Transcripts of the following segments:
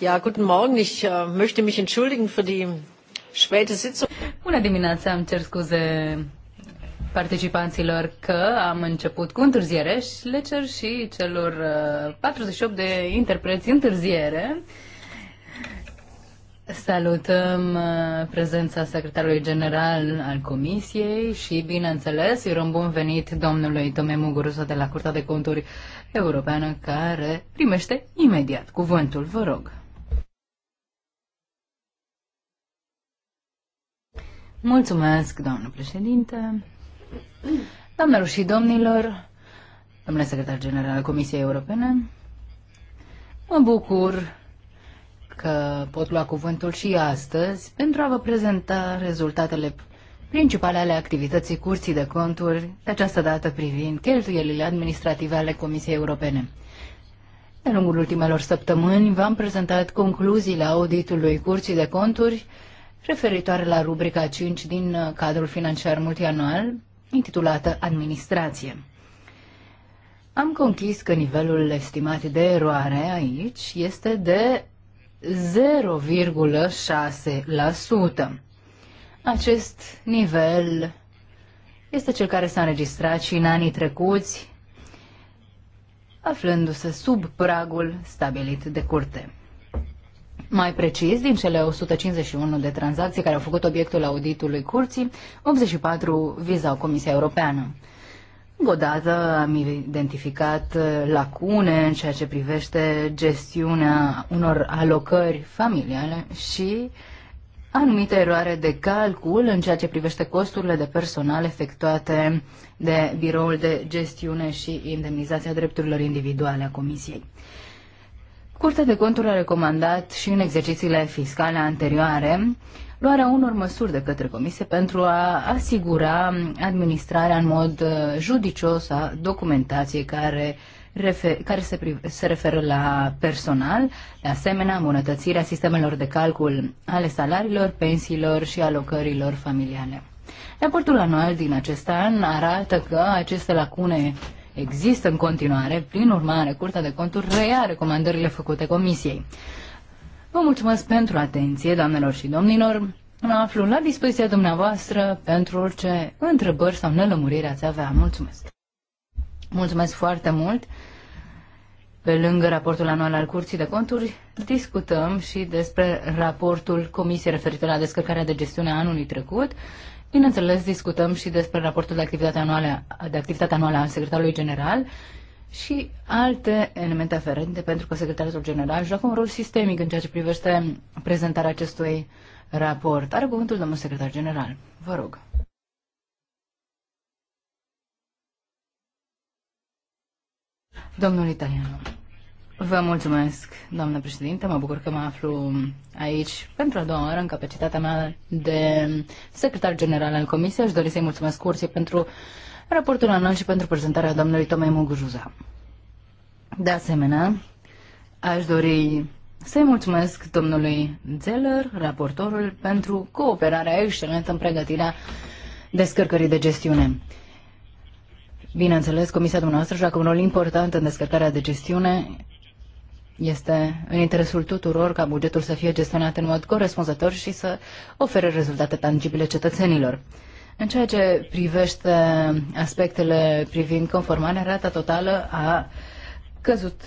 Ja, guten Morgen. Ich uh, möchte mich entschuldigen für die späte Sitzung. Bună dimineața, am cer scuze participanților că am început cu întârziere și le cer și celor 48 uh, de interpreți întârziere. Salutăm uh, prezența secretarului general al Comisiei și, bineînțeles, îi răm bun venit domnului Tome Muguruza de la Curtea de Conturi Europeană care primește imediat cuvântul, vă rog. Mulțumesc, doamnă președinte. Doamnelor și domnilor, domnule secretar general al Comisiei Europene, mă bucur că pot lua cuvântul și astăzi pentru a vă prezenta rezultatele principale ale activității Curții de Conturi, de această dată privind cheltuielile administrative ale Comisiei Europene. De lungul ultimelor săptămâni v-am prezentat concluziile auditului Curții de Conturi referitoare la rubrica 5 din cadrul financiar multianual, intitulată Administrație. Am conchis că nivelul estimat de eroare aici este de 0,6%. Acest nivel este cel care s-a înregistrat și în anii trecuți, aflându-se sub pragul stabilit de curte. Mai precis, din cele 151 de tranzacții care au făcut obiectul auditului curții, 84 vizau Comisia Europeană. Odată am identificat lacune în ceea ce privește gestiunea unor alocări familiale și uh, anumite eroare de calcul în ceea ce privește costurile de personal efectuate de biroul de gestiune și indemnizația drepturilor individuale a Comisiei. Curtea de conturi a recomandat și în exercițiile fiscale anterioare luarea unor măsuri de către Comisie pentru a asigura administrarea în mod uh, judicios a documentației care uh, care se, se referă la personal, de asemenea îmbunătățirea sistemelor de calcul ale salariilor, pensiilor și alocărilor familiale. Raportul anual din acest an arată că aceste lacune există în continuare, prin urmare, Curtea de Conturi reia recomandările făcute Comisiei. Vă mulțumesc pentru atenție, doamnelor și domnilor. Mă aflu la dispoziția dumneavoastră pentru orice întrebări sau nelămuriri ați avea. Mulțumesc! Mulțumesc foarte mult! Pe lângă raportul anual al Curții de Conturi, discutăm și despre raportul Comisiei referitor la descărcarea de gestiune a anului trecut. Bineînțeles, discutăm și despre raportul de activitate anuală, de activitate anuală al Secretarului General și alte elemente aferente, pentru că Secretarul General joacă un rol sistemic în ceea ce privește prezentarea acestui raport. Are cuvântul domnul Secretar General. Vă rog. Domnul italian, Vă mulțumesc, doamnă președinte. Mă bucur că mă aflu aici pentru a doua oară în capacitatea mea de secretar general al Comisiei. Aș dori să-i mulțumesc curții pentru raportul anual și pentru prezentarea domnului Tomei Muguruza. De asemenea, aș dori să-i mulțumesc domnului Zeller, raportorul, pentru cooperarea excelentă în pregătirea descărcării de gestiune. Bineînțeles, comisia dumneavoastră joacă un rol important în descărcarea de gestiune. Este în interesul tuturor ca bugetul să fie gestionat în mod corespunzător și să ofere rezultate tangibile cetățenilor. În ceea ce privește aspectele privind conformarea, rata totală a căzut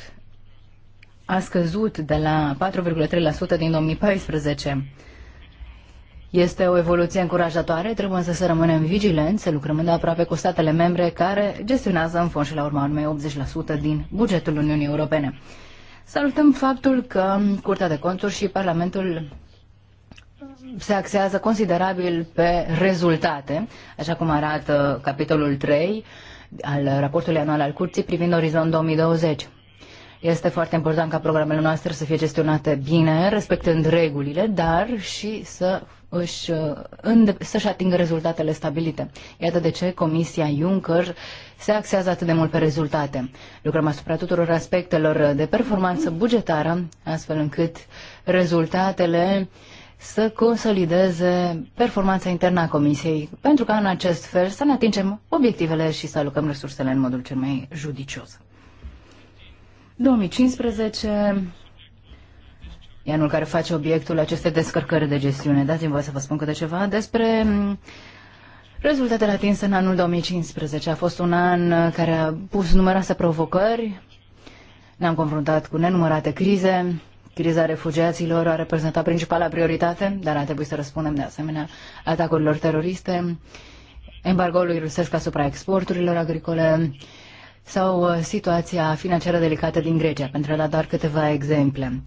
a scăzut de la 4,3% din 2014. Este o evoluție încurajatoare, trebuie să rămânem vigilenți, să lucrăm de aproape cu statele membre care gestionează în fond și la urma urmei 80% din bugetul Uniunii Europene. Salutăm faptul că Curtea de Conturi și Parlamentul se axează considerabil pe rezultate, așa cum arată capitolul 3 al raportului anual al Curții privind Orizont 2020. Este foarte important ca programele noastre să fie gestionate bine, respectând regulile, dar și să își, uh, să-și atingă rezultatele stabilite. Iată de ce Comisia Juncker se axează atât de mult pe rezultate. Lucrăm asupra tuturor aspectelor de performanță bugetară, astfel încât rezultatele să consolideze performanța internă a Comisiei, pentru ca în acest fel să ne atingem obiectivele și să alocăm resursele în modul cel mai judicios. 2015 E anul care face obiectul acestei descărcări de gestiune. Dați-mi voi să vă spun câte ceva despre mm, rezultatele atinse în anul 2015. A fost un an care a pus numeroase provocări. Ne-am confruntat cu nenumărate crize. Criza refugiaților a reprezentat principala prioritate, dar a trebuit să răspundem de asemenea atacurilor teroriste, embargoului rusesc asupra exporturilor agricole sau uh, situația financiară delicată din Grecia, pentru a da doar câteva exemple.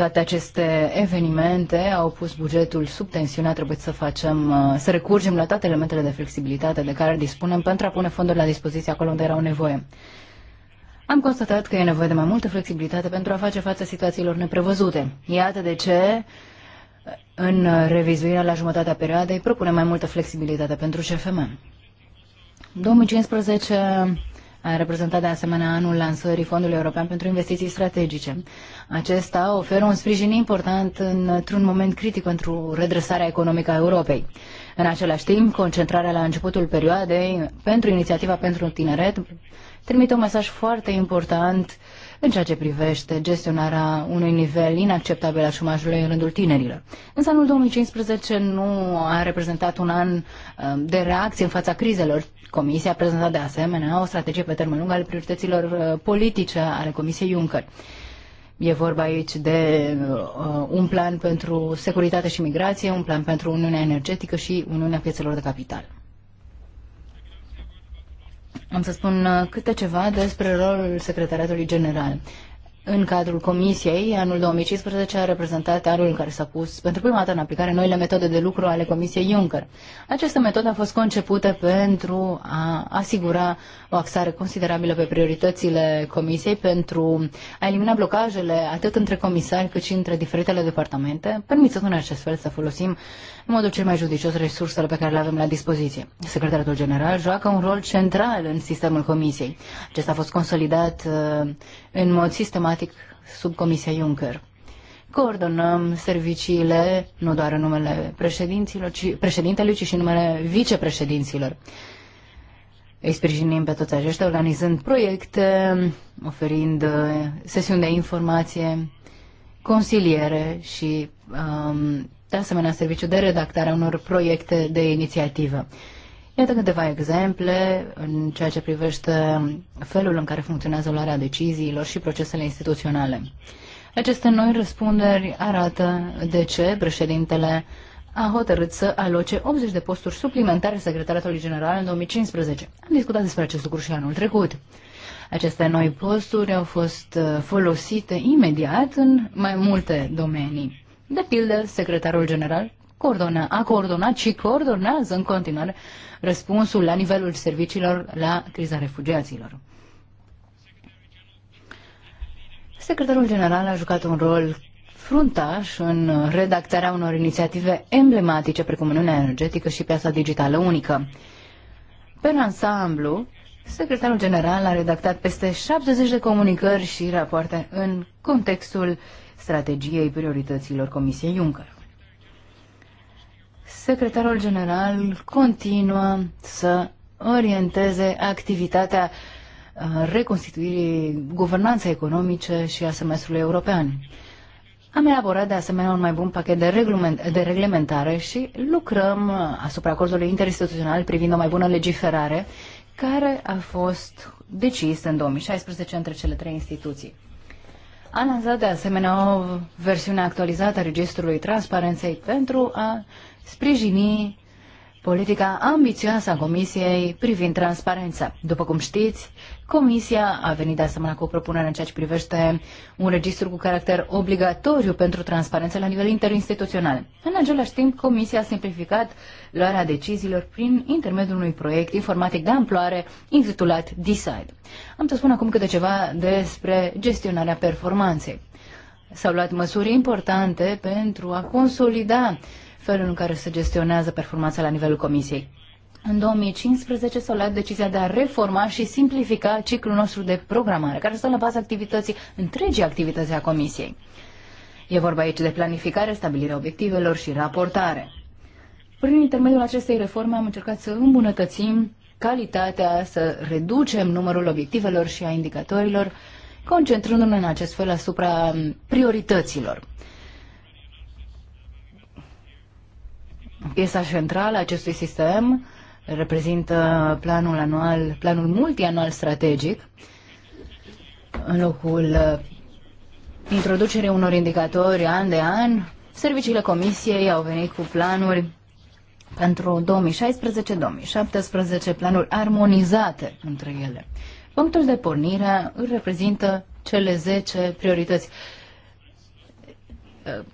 Toate aceste evenimente au pus bugetul sub tensiune, a trebuit să facem, uh, să recurgem la toate elementele de flexibilitate de care dispunem pentru a pune fonduri la dispoziție acolo unde erau nevoie. Am constatat că e nevoie de mai multă flexibilitate pentru a face față situațiilor neprevăzute. Iată de ce în revizuirea la jumătatea perioadei propune mai multă flexibilitate pentru CFM. 2015 a reprezentat de asemenea anul lansării Fondului European pentru Investiții Strategice. Acesta oferă un sprijin important într-un moment critic pentru redresarea economică a Europei. În același timp, concentrarea la începutul perioadei pentru inițiativa pentru tineret trimite un mesaj foarte important în ceea ce privește gestionarea unui nivel inacceptabil al șumajului în rândul tinerilor. Însă anul 2015 nu a reprezentat un an uh, de reacție în fața crizelor, Comisia a prezentat de asemenea o strategie pe termen lung ale priorităților uh, politice ale Comisiei Juncker. E vorba aici de uh, un plan pentru securitate și migrație, un plan pentru Uniunea Energetică și Uniunea Piețelor de Capital. Am să spun uh, câte ceva despre rolul Secretariatului General în cadrul comisiei, anul 2015 a reprezentat anul în care s-a pus pentru prima dată în aplicare noile metode de lucru ale comisiei Juncker. Această metodă a fost concepută pentru a asigura o axare considerabilă pe prioritățile comisiei, pentru a elimina blocajele atât între comisari cât și între diferitele departamente, permițându-ne acest fel să folosim în modul cel mai judicios resursele pe care le avem la dispoziție. Secretariatul General joacă un rol central în sistemul Comisiei. Acesta a fost consolidat uh, în mod sistematic sub Comisia Juncker coordonăm serviciile, nu doar în numele președinților, ci, președintelui, ci și în numele vicepreședinților. Îi sprijinim pe toți aceștia organizând proiecte, oferind uh, sesiuni de informație, consiliere și um, de asemenea serviciu de redactare a unor proiecte de inițiativă. Iată câteva exemple în ceea ce privește felul în care funcționează luarea deciziilor și procesele instituționale. Aceste noi răspunderi arată de ce președintele a hotărât să aloce 80 de posturi suplimentare secretariatului general în 2015. Am discutat despre acest lucru și anul trecut. Aceste noi posturi au fost uh, folosite imediat în mai multe domenii. De pildă, secretarul general coordona, a coordonat și coordonează în continuare răspunsul la nivelul serviciilor la criza refugiaților. Secretarul general a jucat un rol fruntaș în redactarea unor inițiative emblematice precum Uniunea Energetică și Piața Digitală Unică. Pe ansamblu, secretarul general a redactat peste 70 de comunicări și rapoarte în contextul strategiei priorităților Comisiei Juncker. Secretarul general continuă să orienteze activitatea uh, reconstituirii guvernanței economice și a semestrului european. Am elaborat de asemenea un mai bun pachet de, reglement, de reglementare și lucrăm uh, asupra acordului interinstituțional privind o mai bună legiferare, care a fost decis în 2016 între cele trei instituții a lansat de asemenea o versiune actualizată a Registrului Transparenței pentru a sprijini politica ambițioasă a Comisiei privind transparența. După cum știți, Comisia a venit de asemenea cu o propunere în ceea ce privește un registru cu caracter obligatoriu pentru transparență la nivel interinstituțional. În același timp, Comisia a simplificat luarea deciziilor prin intermediul unui proiect informatic de amploare intitulat Decide. Am să spun acum câte ceva despre gestionarea performanței. S-au luat măsuri importante pentru a consolida felul în care se gestionează performanța la nivelul comisiei. În 2015 s-a luat decizia de a reforma și simplifica ciclul nostru de programare, care stă la baza activității, întregii activități a comisiei. E vorba aici de planificare, stabilirea obiectivelor și raportare. Prin intermediul acestei reforme am încercat să îmbunătățim calitatea, să reducem numărul obiectivelor și a indicatorilor, concentrându-ne în acest fel asupra priorităților. Piesa centrală a acestui sistem reprezintă planul anual, planul multianual strategic, în locul uh, introducerii unor indicatori an de an, serviciile comisiei au venit cu planuri pentru 2016-2017, planuri armonizate între ele. Punctul de pornire îl reprezintă cele 10 priorități uh,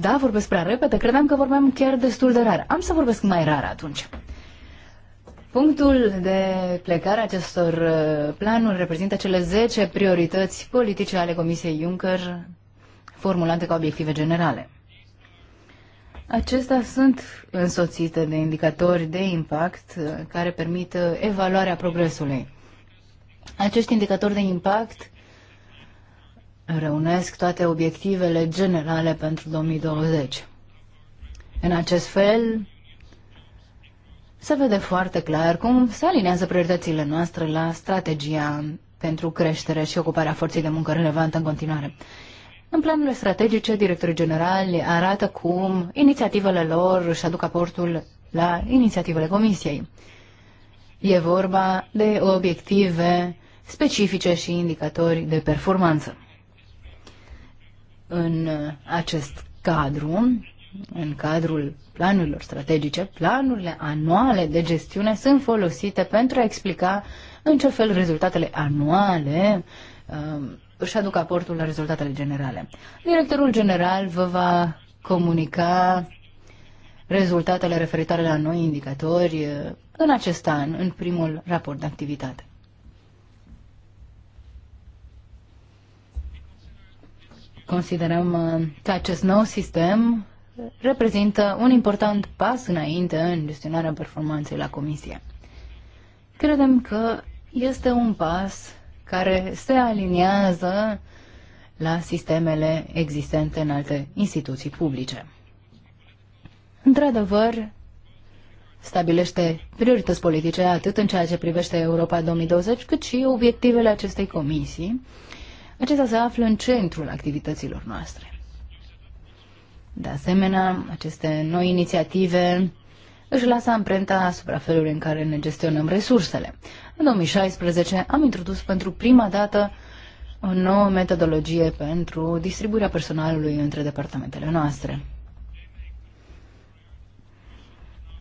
da, vorbesc prea repede, credeam că vorbeam chiar destul de rar. Am să vorbesc mai rar atunci. Punctul de plecare acestor uh, planuri reprezintă cele 10 priorități politice ale Comisiei Juncker formulate ca obiective generale. Acestea sunt însoțite de indicatori de impact uh, care permit uh, evaluarea progresului. Acești indicatori de impact reunesc toate obiectivele generale pentru 2020. În acest fel, se vede foarte clar cum se alinează prioritățile noastre la strategia pentru creștere și ocuparea forței de muncă relevantă în continuare. În planurile strategice, directorii generali arată cum inițiativele lor își aduc aportul la inițiativele Comisiei. E vorba de obiective specifice și indicatori de performanță în acest cadru, în cadrul planurilor strategice, planurile anuale de gestiune sunt folosite pentru a explica în ce fel rezultatele anuale uh, își aduc aportul la rezultatele generale. Directorul general vă va comunica rezultatele referitoare la noi indicatori uh, în acest an, în primul raport de activitate. Considerăm uh, că acest nou sistem reprezintă un important pas înainte în gestionarea performanței la comisie. Credem că este un pas care se aliniază la sistemele existente în alte instituții publice. Într-adevăr, stabilește priorități politice atât în ceea ce privește Europa 2020, cât și obiectivele acestei comisii acesta se află în centrul activităților noastre. De asemenea, aceste noi inițiative își lasă amprenta asupra felului în care ne gestionăm resursele. În 2016 am introdus pentru prima dată o nouă metodologie pentru distribuirea personalului între departamentele noastre.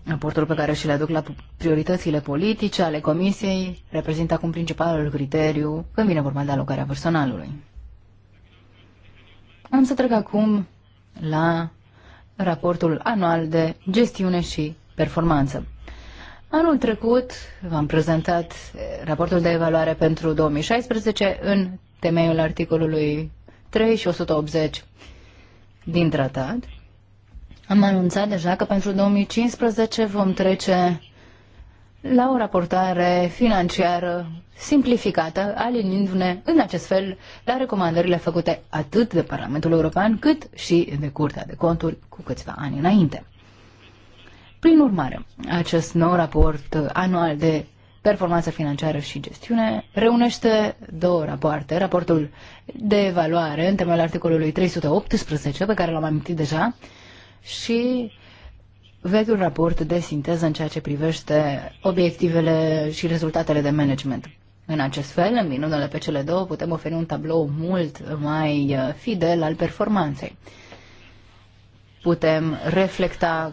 Raportul pe care și le aduc la prioritățile politice ale Comisiei reprezintă acum principalul criteriu când vine vorba de alocarea personalului. Am să trec acum la raportul anual de gestiune și performanță. Anul trecut v-am prezentat raportul de evaluare pentru 2016 în temeiul articolului 3 și 180 din tratat am anunțat deja că pentru 2015 vom trece la o raportare financiară simplificată, aliniindu-ne în acest fel la recomandările făcute atât de Parlamentul European cât și de Curtea de Conturi cu câțiva ani înainte. Prin urmare, acest nou raport anual de performanță financiară și gestiune reunește două rapoarte. Raportul de evaluare în temel articolului 318, pe care l-am amintit deja, și un raport de sinteză în ceea ce privește obiectivele și rezultatele de management. În acest fel, îmbinându-le pe cele două, putem oferi un tablou mult mai uh, fidel al performanței. Putem reflecta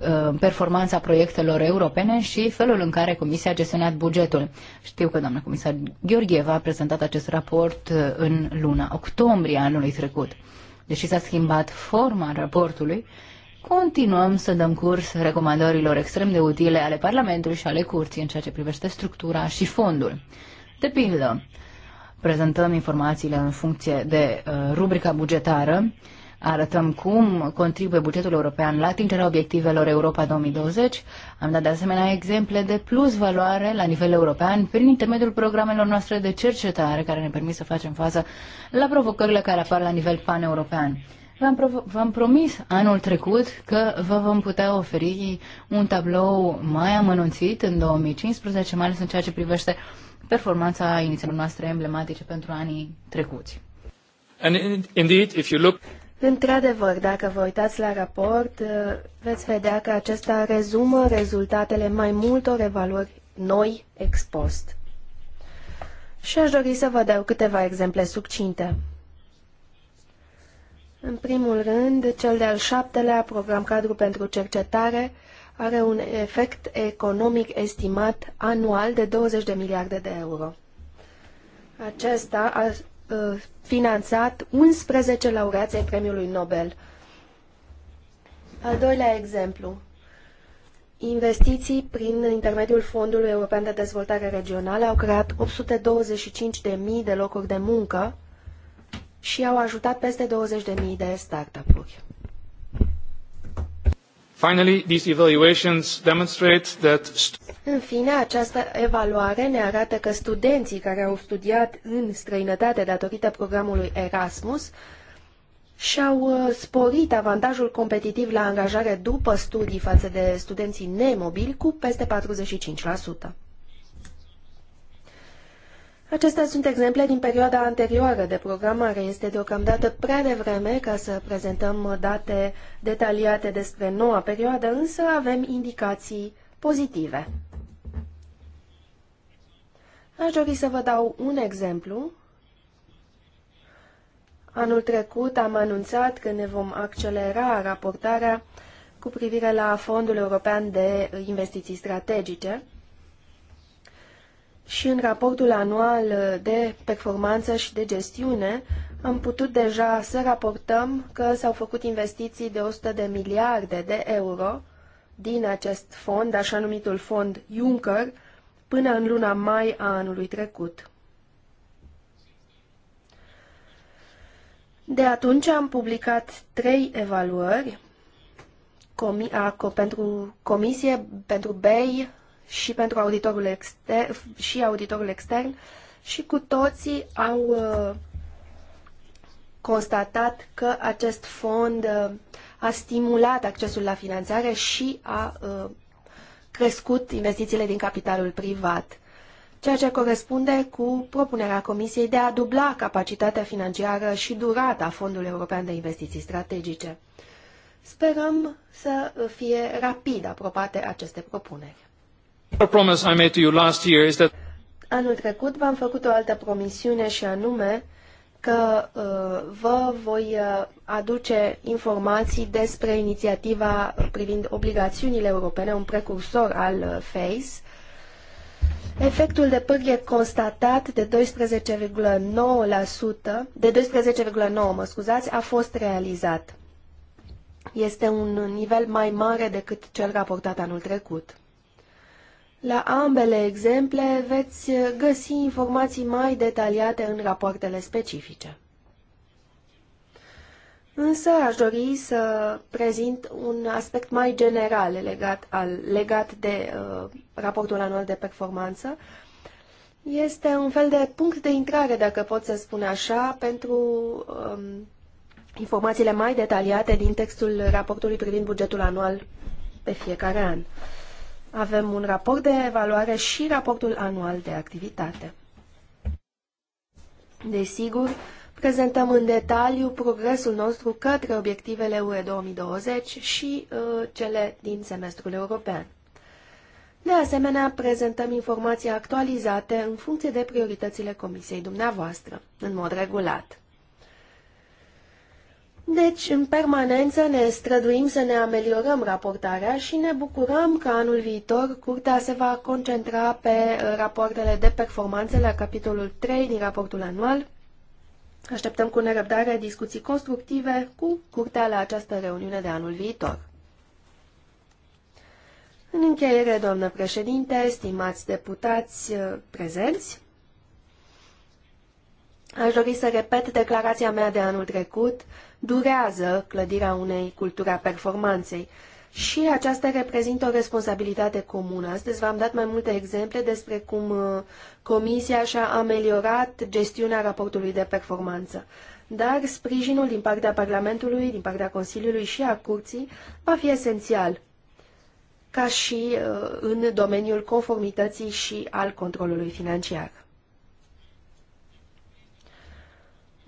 uh, performanța proiectelor europene și felul în care Comisia a gestionat bugetul. Știu că doamna comisar Gheorgheva a prezentat acest raport uh, în luna octombrie anului trecut deși s-a schimbat forma raportului, continuăm să dăm curs recomandărilor extrem de utile ale Parlamentului și ale Curții în ceea ce privește structura și fondul. De pildă, prezentăm informațiile în funcție de uh, rubrica bugetară, arătăm cum contribuie bugetul european la atingerea obiectivelor Europa 2020. Am dat de asemenea exemple de plus valoare la nivel european prin intermediul programelor noastre de cercetare care ne permit să facem față la provocările care apar la nivel pan-european. V-am, promis anul trecut că vă vom putea oferi un tablou mai amănunțit în 2015, mai ales în ceea ce privește performanța inițiilor noastre emblematice pentru anii trecuți. And indeed, if you look... Într-adevăr, dacă vă uitați la raport, uh, veți vedea că acesta rezumă rezultatele mai multor evaluări noi expost. Și aș dori să vă dau câteva exemple succinte. În primul rând, cel de-al șaptelea program cadru pentru cercetare are un efect economic estimat anual de 20 de miliarde de euro. Acesta a uh, finanțat 11 laureați ai Premiului Nobel. Al doilea exemplu. Investiții prin intermediul Fondului European de Dezvoltare Regională au creat 825.000 de locuri de muncă și au ajutat peste 20.000 de startup-uri. Finally, these evaluations demonstrate that în fine, această evaluare ne arată că studenții care au studiat în străinătate datorită programului Erasmus și-au uh, sporit avantajul competitiv la angajare după studii față de studenții nemobili cu peste 45%. Acestea sunt exemple din perioada anterioară de programare. Este deocamdată prea devreme ca să prezentăm date detaliate despre noua perioadă, însă avem indicații pozitive. Aș dori să vă dau un exemplu. Anul trecut am anunțat că ne vom accelera raportarea cu privire la Fondul European de Investiții Strategice, și în raportul anual de performanță și de gestiune am putut deja să raportăm că s-au făcut investiții de 100 de miliarde de euro din acest fond, așa numitul fond Juncker, până în luna mai a anului trecut. De atunci am publicat trei evaluări comi pentru Comisie, pentru BEI și pentru auditorul extern și auditorul extern și cu toții au uh, constatat că acest fond uh, a stimulat accesul la finanțare și a uh, crescut investițiile din capitalul privat, ceea ce corespunde cu propunerea Comisiei de a dubla capacitatea financiară și durata Fondului European de Investiții Strategice. Sperăm să fie rapid aprobate aceste propuneri. Anul trecut v-am făcut o altă promisiune și anume că uh, vă voi uh, aduce informații despre inițiativa privind obligațiunile europene, un precursor al uh, FACE. Efectul de pârghie constatat de 12,9%, de 12,9, mă scuzați, a fost realizat. Este un nivel mai mare decât cel raportat anul trecut. La ambele exemple veți găsi informații mai detaliate în rapoartele specifice. Însă aș dori să prezint un aspect mai general legat, al, legat de uh, raportul anual de performanță. Este un fel de punct de intrare, dacă pot să spun așa, pentru um, informațiile mai detaliate din textul raportului privind bugetul anual pe fiecare an. Uh, avem un raport de evaluare și raportul anual de activitate. Desigur, prezentăm în detaliu progresul nostru către obiectivele UE 2020 și uh, cele din semestrul european. De asemenea, prezentăm informații actualizate în funcție de prioritățile Comisiei dumneavoastră, în mod regulat. Deci, în permanență ne străduim să ne ameliorăm raportarea și ne bucurăm că anul viitor Curtea se va concentra pe uh, rapoartele de performanță la capitolul 3 din raportul anual. Așteptăm cu nerăbdare discuții constructive cu Curtea la această reuniune de anul viitor. În încheiere, doamnă președinte, stimați deputați uh, prezenți, aș dori să repet declarația mea de anul trecut, durează clădirea unei culturi a performanței și aceasta reprezintă o responsabilitate comună. Astăzi v-am dat mai multe exemple despre cum uh, Comisia și-a ameliorat gestiunea raportului de performanță. Dar sprijinul din partea Parlamentului, din partea Consiliului și a Curții va fi esențial, ca și uh, în domeniul conformității și al controlului financiar.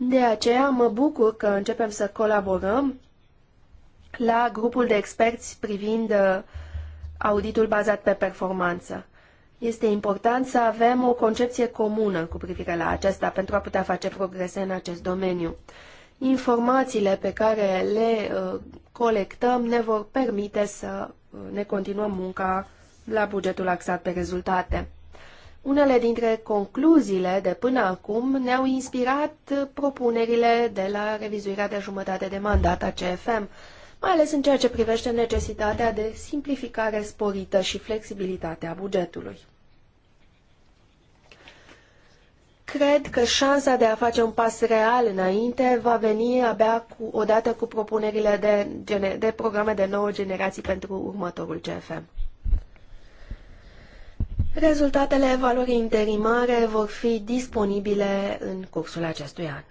De aceea mă bucur că începem să colaborăm la grupul de experți privind uh, auditul bazat pe performanță. Este important să avem o concepție comună cu privire la acesta pentru a putea face progrese în acest domeniu. Informațiile pe care le uh, colectăm ne vor permite să uh, ne continuăm munca la bugetul axat pe rezultate. Unele dintre concluziile de până acum ne-au inspirat propunerile de la revizuirea de jumătate de mandat a CFM, mai ales în ceea ce privește necesitatea de simplificare sporită și flexibilitatea bugetului. Cred că șansa de a face un pas real înainte va veni abia cu, odată cu propunerile de, de programe de nouă generații pentru următorul CFM. Rezultatele evaluării interimare vor fi disponibile în cursul acestui an.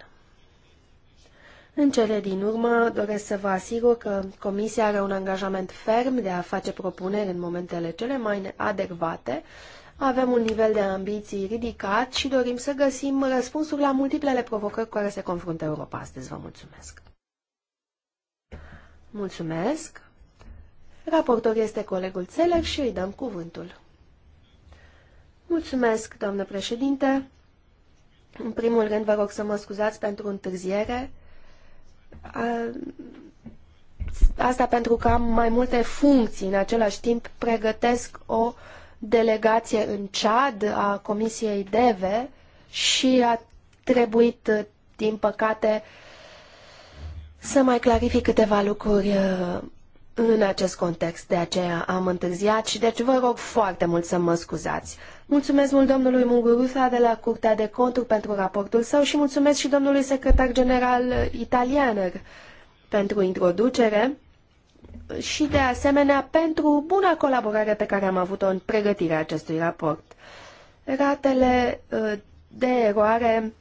În cele din urmă, doresc să vă asigur că Comisia are un angajament ferm de a face propuneri în momentele cele mai adecvate. Avem un nivel de ambiții ridicat și dorim să găsim răspunsuri la multiplele provocări cu care se confruntă Europa astăzi. Vă mulțumesc! Mulțumesc! Raportor este colegul Țeler și îi dăm cuvântul. Mulțumesc, doamnă președinte. În primul rând, vă rog să mă scuzați pentru întârziere. Asta pentru că am mai multe funcții. În același timp, pregătesc o delegație în Chad a Comisiei DEVE și a trebuit, din păcate, să mai clarific câteva lucruri în acest context, de aceea am întârziat și deci vă rog foarte mult să mă scuzați. Mulțumesc mult domnului Mugurusa de la Curtea de Conturi pentru raportul său și mulțumesc și domnului secretar general italianer pentru introducere și de asemenea pentru buna colaborare pe care am avut-o în pregătirea acestui raport. Ratele uh, de eroare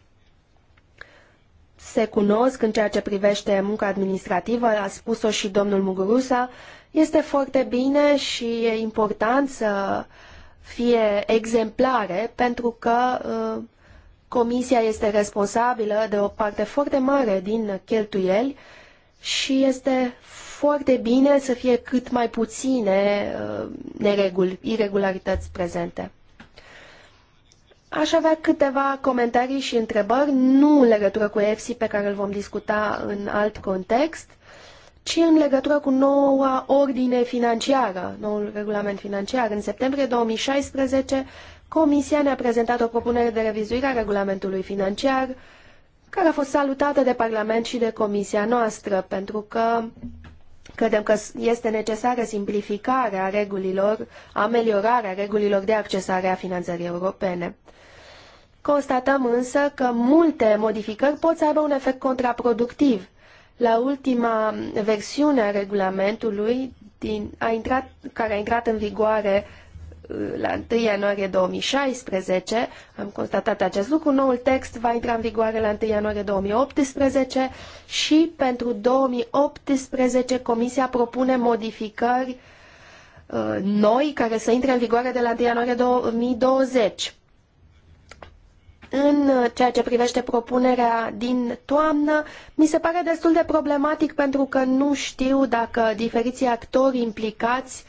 se cunosc în ceea ce privește munca administrativă, a spus-o și domnul Mugurusa, este foarte bine și e important să fie exemplare pentru că uh, comisia este responsabilă de o parte foarte mare din cheltuieli și este foarte bine să fie cât mai puține uh, nereguli, irregularități prezente. Aș avea câteva comentarii și întrebări, nu în legătură cu EFSI pe care îl vom discuta în alt context, ci în legătură cu noua ordine financiară, noul regulament financiar. În septembrie 2016, Comisia ne-a prezentat o propunere de revizuire a regulamentului financiar, care a fost salutată de Parlament și de Comisia noastră, pentru că Credem că este necesară simplificarea regulilor, ameliorarea regulilor de accesare a finanțării europene. Constatăm însă că multe modificări pot să aibă un efect contraproductiv. La ultima versiune a regulamentului din, a intrat, care a intrat în vigoare uh, la 1 ianuarie 2016, am constatat acest lucru, noul text va intra în vigoare la 1 ianuarie 2018 și pentru 2018 Comisia propune modificări uh, noi care să intre în vigoare de la 1 ianuarie 2020. În uh, ceea ce privește propunerea din toamnă, mi se pare destul de problematic pentru că nu știu dacă diferiții actori implicați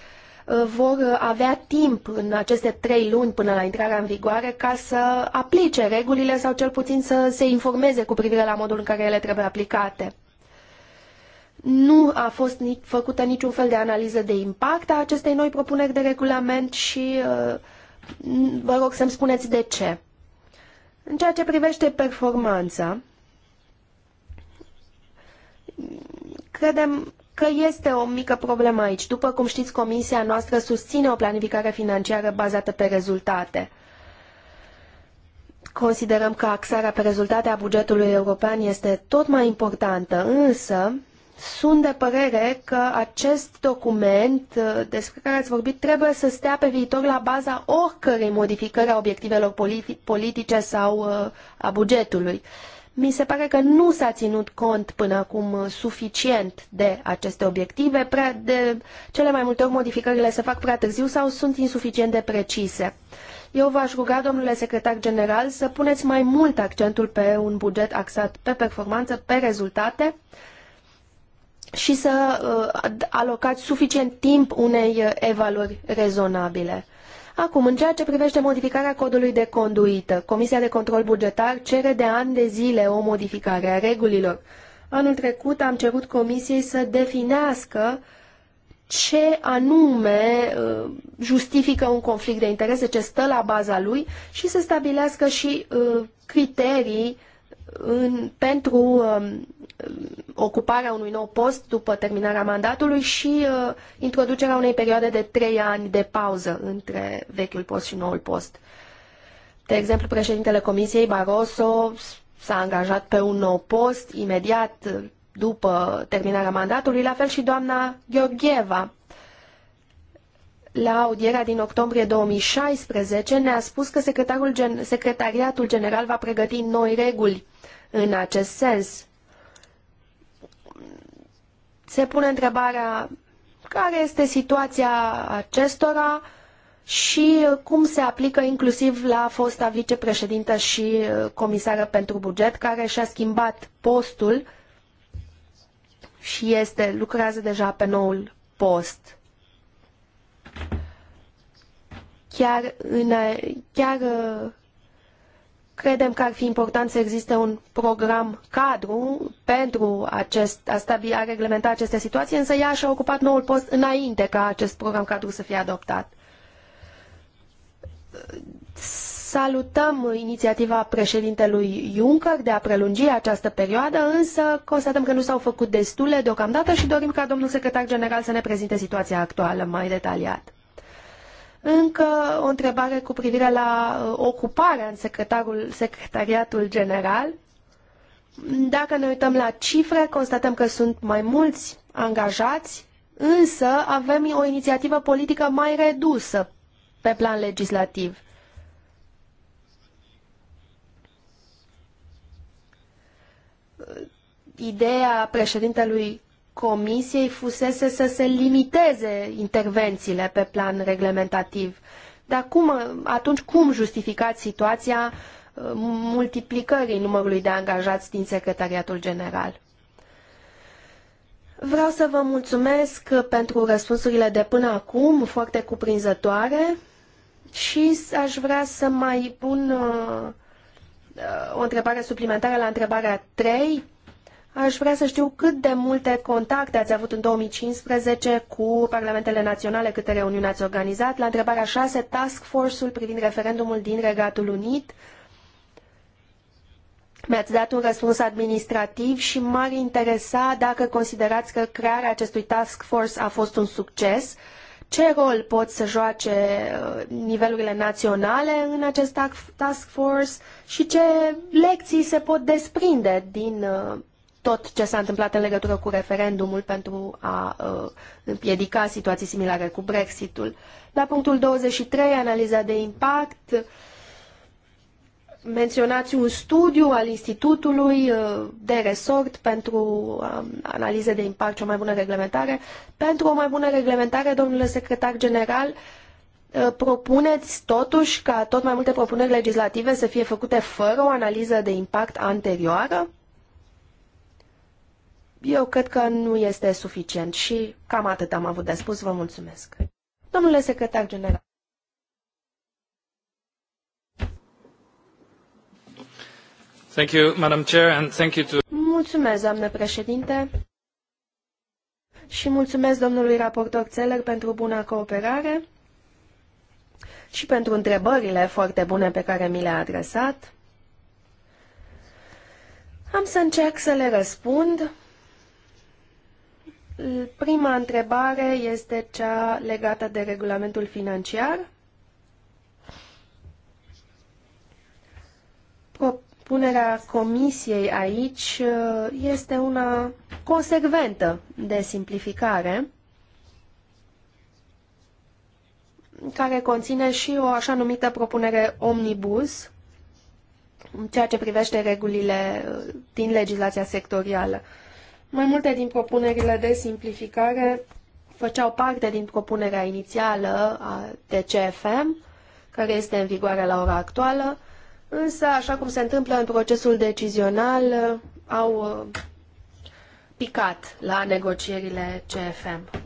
uh, vor avea timp în aceste trei luni până la intrarea în vigoare ca să aplice regulile sau cel puțin să se informeze cu privire la modul în care ele trebuie aplicate. Nu a fost nici, făcută niciun fel de analiză de impact a acestei noi propuneri de regulament și uh, vă rog să-mi spuneți de ce. În ceea ce privește performanța, credem că este o mică problemă aici. După cum știți, comisia noastră susține o planificare financiară bazată pe rezultate. Considerăm că axarea pe rezultate a bugetului european este tot mai importantă, însă sunt de părere că acest document uh, despre care ați vorbit trebuie să stea pe viitor la baza oricărei modificări a obiectivelor politice sau uh, a bugetului. Mi se pare că nu s-a ținut cont până acum uh, suficient de aceste obiective, prea de cele mai multe ori modificările se fac prea târziu sau sunt insuficient de precise. Eu v-aș ruga, domnule secretar general, să puneți mai mult accentul pe un buget axat pe performanță, pe rezultate, și să uh, alocați suficient timp unei uh, evaluări rezonabile. Acum, în ceea ce privește modificarea codului de conduită, Comisia de Control Bugetar cere de ani de zile o modificare a regulilor. Anul trecut am cerut Comisiei să definească ce anume uh, justifică un conflict de interese, ce stă la baza lui și să stabilească și criterii în, pentru um, ocuparea unui nou post după terminarea mandatului și uh, introducerea unei perioade de trei ani de pauză între vechiul post și noul post. De exemplu, președintele Comisiei Barroso s-a angajat pe un nou post imediat după terminarea mandatului, la fel și doamna Gheorgheva. La audierea din octombrie 2016 ne-a spus că Secretarul Gen Secretariatul General va pregăti noi reguli în acest sens. Se pune întrebarea care este situația acestora și cum se aplică inclusiv la fosta vicepreședintă și comisară pentru buget, care și-a schimbat postul și este, lucrează deja pe noul post. Chiar, în, chiar Credem că ar fi important să existe un program cadru pentru acest, a, stabi, a reglementa aceste situații, însă ea și-a ocupat noul post înainte ca acest program cadru să fie adoptat. Salutăm inițiativa președintelui Juncker de a prelungi această perioadă, însă constatăm că nu s-au făcut destule deocamdată și dorim ca domnul secretar general să ne prezinte situația actuală mai detaliat. Încă o întrebare cu privire la uh, ocuparea în secretarul, secretariatul general. Dacă ne uităm la cifre, constatăm că sunt mai mulți angajați, însă avem o inițiativă politică mai redusă pe plan legislativ. Ideea președintelui Comisiei fusese să se limiteze intervențiile pe plan reglementativ. Dar cum, atunci cum justificați situația uh, multiplicării numărului de angajați din Secretariatul General? Vreau să vă mulțumesc pentru răspunsurile de până acum, foarte cuprinzătoare și aș vrea să mai pun uh, uh, o întrebare suplimentară la întrebarea 3 Aș vrea să știu cât de multe contacte ați avut în 2015 cu parlamentele naționale, câte reuniuni ați organizat. La întrebarea 6, Task Force-ul privind referendumul din Regatul Unit. Mi-ați dat un răspuns administrativ și m-ar interesa dacă considerați că crearea acestui task force a fost un succes. Ce rol pot să joace uh, nivelurile naționale în acest task force și ce lecții se pot desprinde din uh, tot ce s-a întâmplat în legătură cu referendumul pentru a uh, împiedica situații similare cu Brexitul. La punctul 23, analiza de impact, menționați un studiu al Institutului uh, de Resort pentru um, analize de impact și o mai bună reglementare. Pentru o mai bună reglementare, domnule secretar general, uh, propuneți totuși ca tot mai multe propuneri legislative să fie făcute fără o analiză de impact anterioară? eu cred că nu este suficient și cam atât am avut de spus. Vă mulțumesc. Domnule secretar general. Thank you, Madam Chair, and thank you to... Mulțumesc, doamnă președinte, și mulțumesc domnului raportor Țeler pentru buna cooperare și pentru întrebările foarte bune pe care mi le-a adresat. Am să încerc să le răspund. Prima întrebare este cea legată de regulamentul financiar. Propunerea comisiei aici uh, este una consecventă de simplificare, care conține și o așa numită propunere omnibus, în ceea ce privește regulile uh, din legislația sectorială. Mai multe din propunerile de simplificare făceau parte din propunerea inițială a TCFM, care este în vigoare la ora actuală, însă, așa cum se întâmplă în procesul decizional, au uh, picat la negocierile CFM.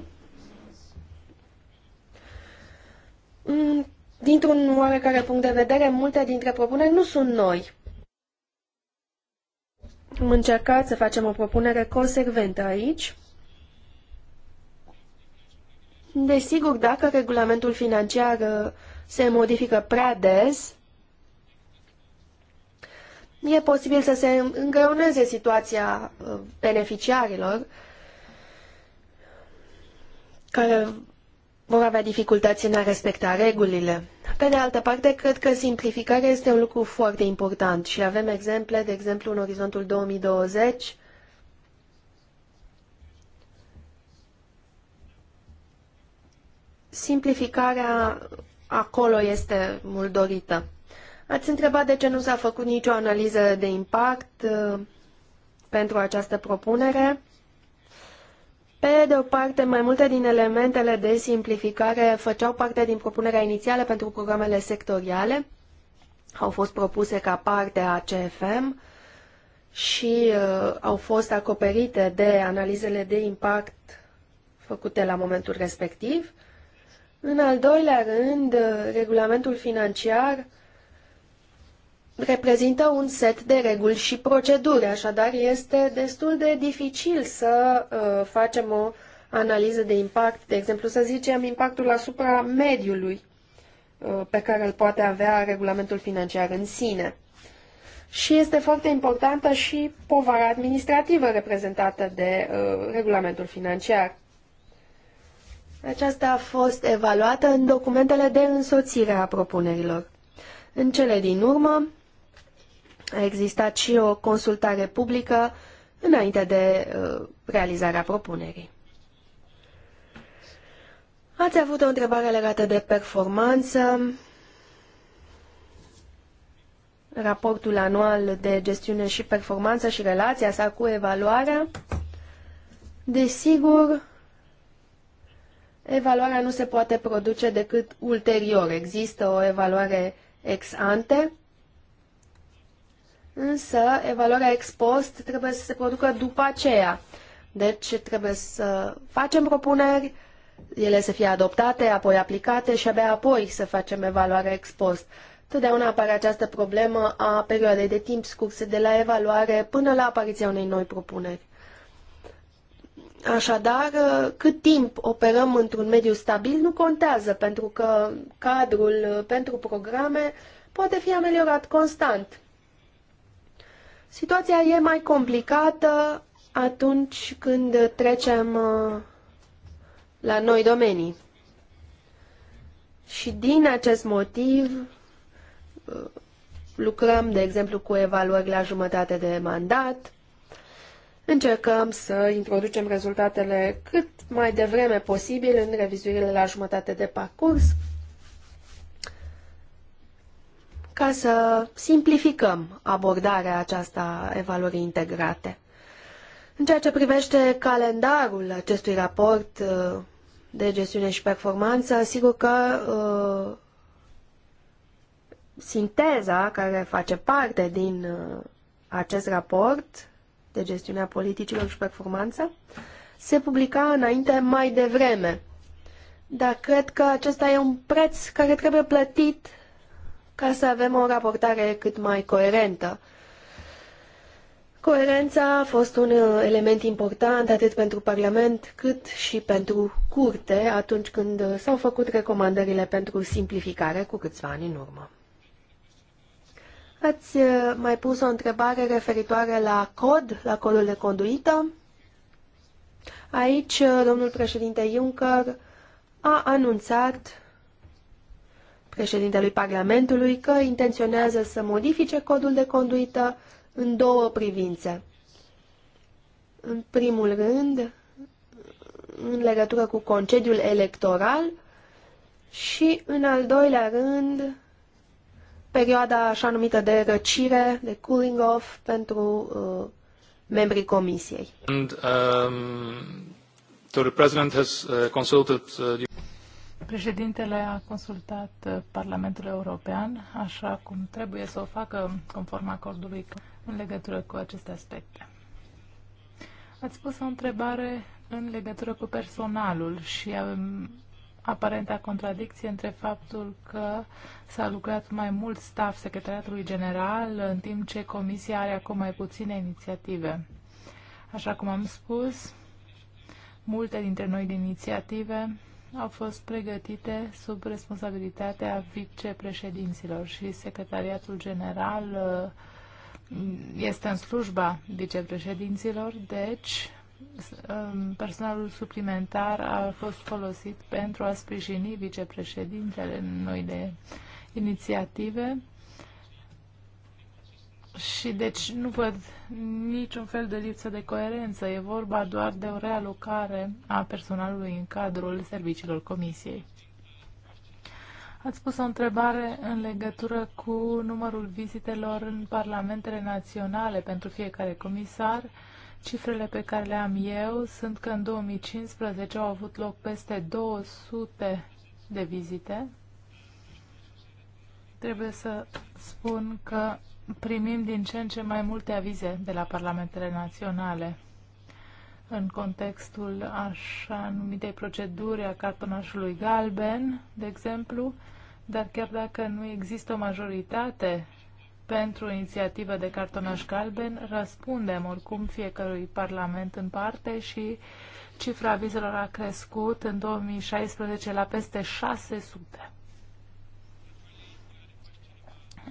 Mm, dintr-un oarecare punct de vedere, multe dintre propuneri nu sunt noi. Am încercat să facem o propunere consecventă aici. Desigur, dacă regulamentul financiar uh, se modifică prea des, e posibil să se îngreuneze situația uh, beneficiarilor care vor avea dificultăți în a respecta regulile. Pe de altă parte, cred că simplificarea este un lucru foarte important și avem exemple, de exemplu, în orizontul 2020, simplificarea acolo este mult dorită. Ați întrebat de ce nu s-a făcut nicio analiză de impact uh, pentru această propunere. Pe de o parte, mai multe din elementele de simplificare făceau parte din propunerea inițială pentru programele sectoriale, au fost propuse ca parte a CFM și uh, au fost acoperite de analizele de impact făcute la momentul respectiv. În al doilea rând, uh, regulamentul financiar reprezintă un set de reguli și proceduri, așadar este destul de dificil să uh, facem o analiză de impact, de exemplu să zicem impactul asupra mediului uh, pe care îl poate avea regulamentul financiar în sine. Și este foarte importantă și povara administrativă reprezentată de uh, regulamentul financiar. Aceasta a fost evaluată în documentele de însoțire a propunerilor. În cele din urmă, a existat și o consultare publică înainte de uh, realizarea propunerii. Ați avut o întrebare legată de performanță. Raportul anual de gestiune și performanță și relația sa cu evaluarea. Desigur, evaluarea nu se poate produce decât ulterior. Există o evaluare ex ante însă evaluarea ex post trebuie să se producă după aceea. Deci trebuie să facem propuneri, ele să fie adoptate, apoi aplicate și abia apoi să facem evaluarea ex post. Totdeauna apare această problemă a perioadei de timp scurse de la evaluare până la apariția unei noi propuneri. Așadar, cât timp operăm într-un mediu stabil nu contează, pentru că cadrul pentru programe poate fi ameliorat constant. Situația e mai complicată atunci când trecem uh, la noi domenii. Și din acest motiv uh, lucrăm, de exemplu, cu evaluări la jumătate de mandat, încercăm să introducem rezultatele cât mai devreme posibil în revizuirile la jumătate de parcurs ca să simplificăm abordarea aceasta evaluării integrate. În ceea ce privește calendarul acestui raport uh, de gestiune și performanță, sigur că uh, sinteza care face parte din uh, acest raport de gestiunea politicilor și performanță se publica înainte mai devreme. Dar cred că acesta e un preț care trebuie plătit ca să avem o raportare cât mai coerentă. Coerența a fost un element important atât pentru Parlament cât și pentru Curte atunci când s-au făcut recomandările pentru simplificare cu câțiva ani în urmă. Ați uh, mai pus o întrebare referitoare la cod, la codul de conduită. Aici, uh, domnul președinte Juncker a anunțat președintelui Parlamentului că intenționează să modifice codul de conduită în două privințe. În primul rând, în legătură cu concediul electoral și, în al doilea rând, perioada așa numită de răcire, de cooling off pentru uh, membrii comisiei. And, um, the president has uh, consulted uh, Președintele a consultat uh, Parlamentul European, așa cum trebuie să o facă conform acordului în legătură cu aceste aspecte. Ați pus o întrebare în legătură cu personalul și avem um, aparenta contradicție între faptul că s-a lucrat mai mult staff secretariatului general, în timp ce comisia are acum mai puține inițiative. Așa cum am spus, multe dintre noi de inițiative au fost pregătite sub responsabilitatea vicepreședinților și secretariatul general uh, este în slujba vicepreședinților, deci um, personalul suplimentar a fost folosit pentru a sprijini vicepreședintele în noile inițiative și deci nu văd niciun fel de lipsă de coerență. E vorba doar de o realocare a personalului în cadrul serviciilor comisiei. Ați pus o întrebare în legătură cu numărul vizitelor în parlamentele naționale pentru fiecare comisar. Cifrele pe care le am eu sunt că în 2015 au avut loc peste 200 de vizite. Trebuie să spun că primim din ce în ce mai multe avize de la parlamentele naționale în contextul așa numitei proceduri a cartonașului galben, de exemplu, dar chiar dacă nu există o majoritate pentru o inițiativă de cartonaș galben, răspundem oricum fiecărui parlament în parte și cifra vizelor a crescut în 2016 la peste 600.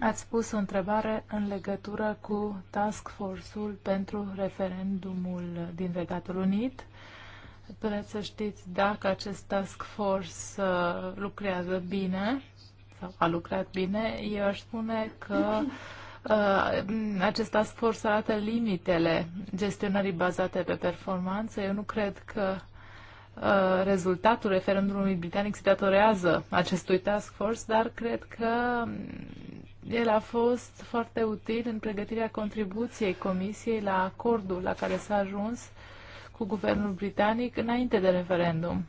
Ați pus o întrebare în legătură cu Task Force-ul pentru referendumul din Regatul Unit. Vreți să știți dacă acest Task Force uh, lucrează bine sau a lucrat bine. Eu aș spune că uh, acest task force arată limitele gestionării bazate pe performanță. Eu nu cred că uh, rezultatul referendumului britanic se datorează acestui task force, dar cred că el a fost foarte util în pregătirea contribuției Comisiei la acordul la care s-a ajuns cu guvernul britanic înainte de referendum,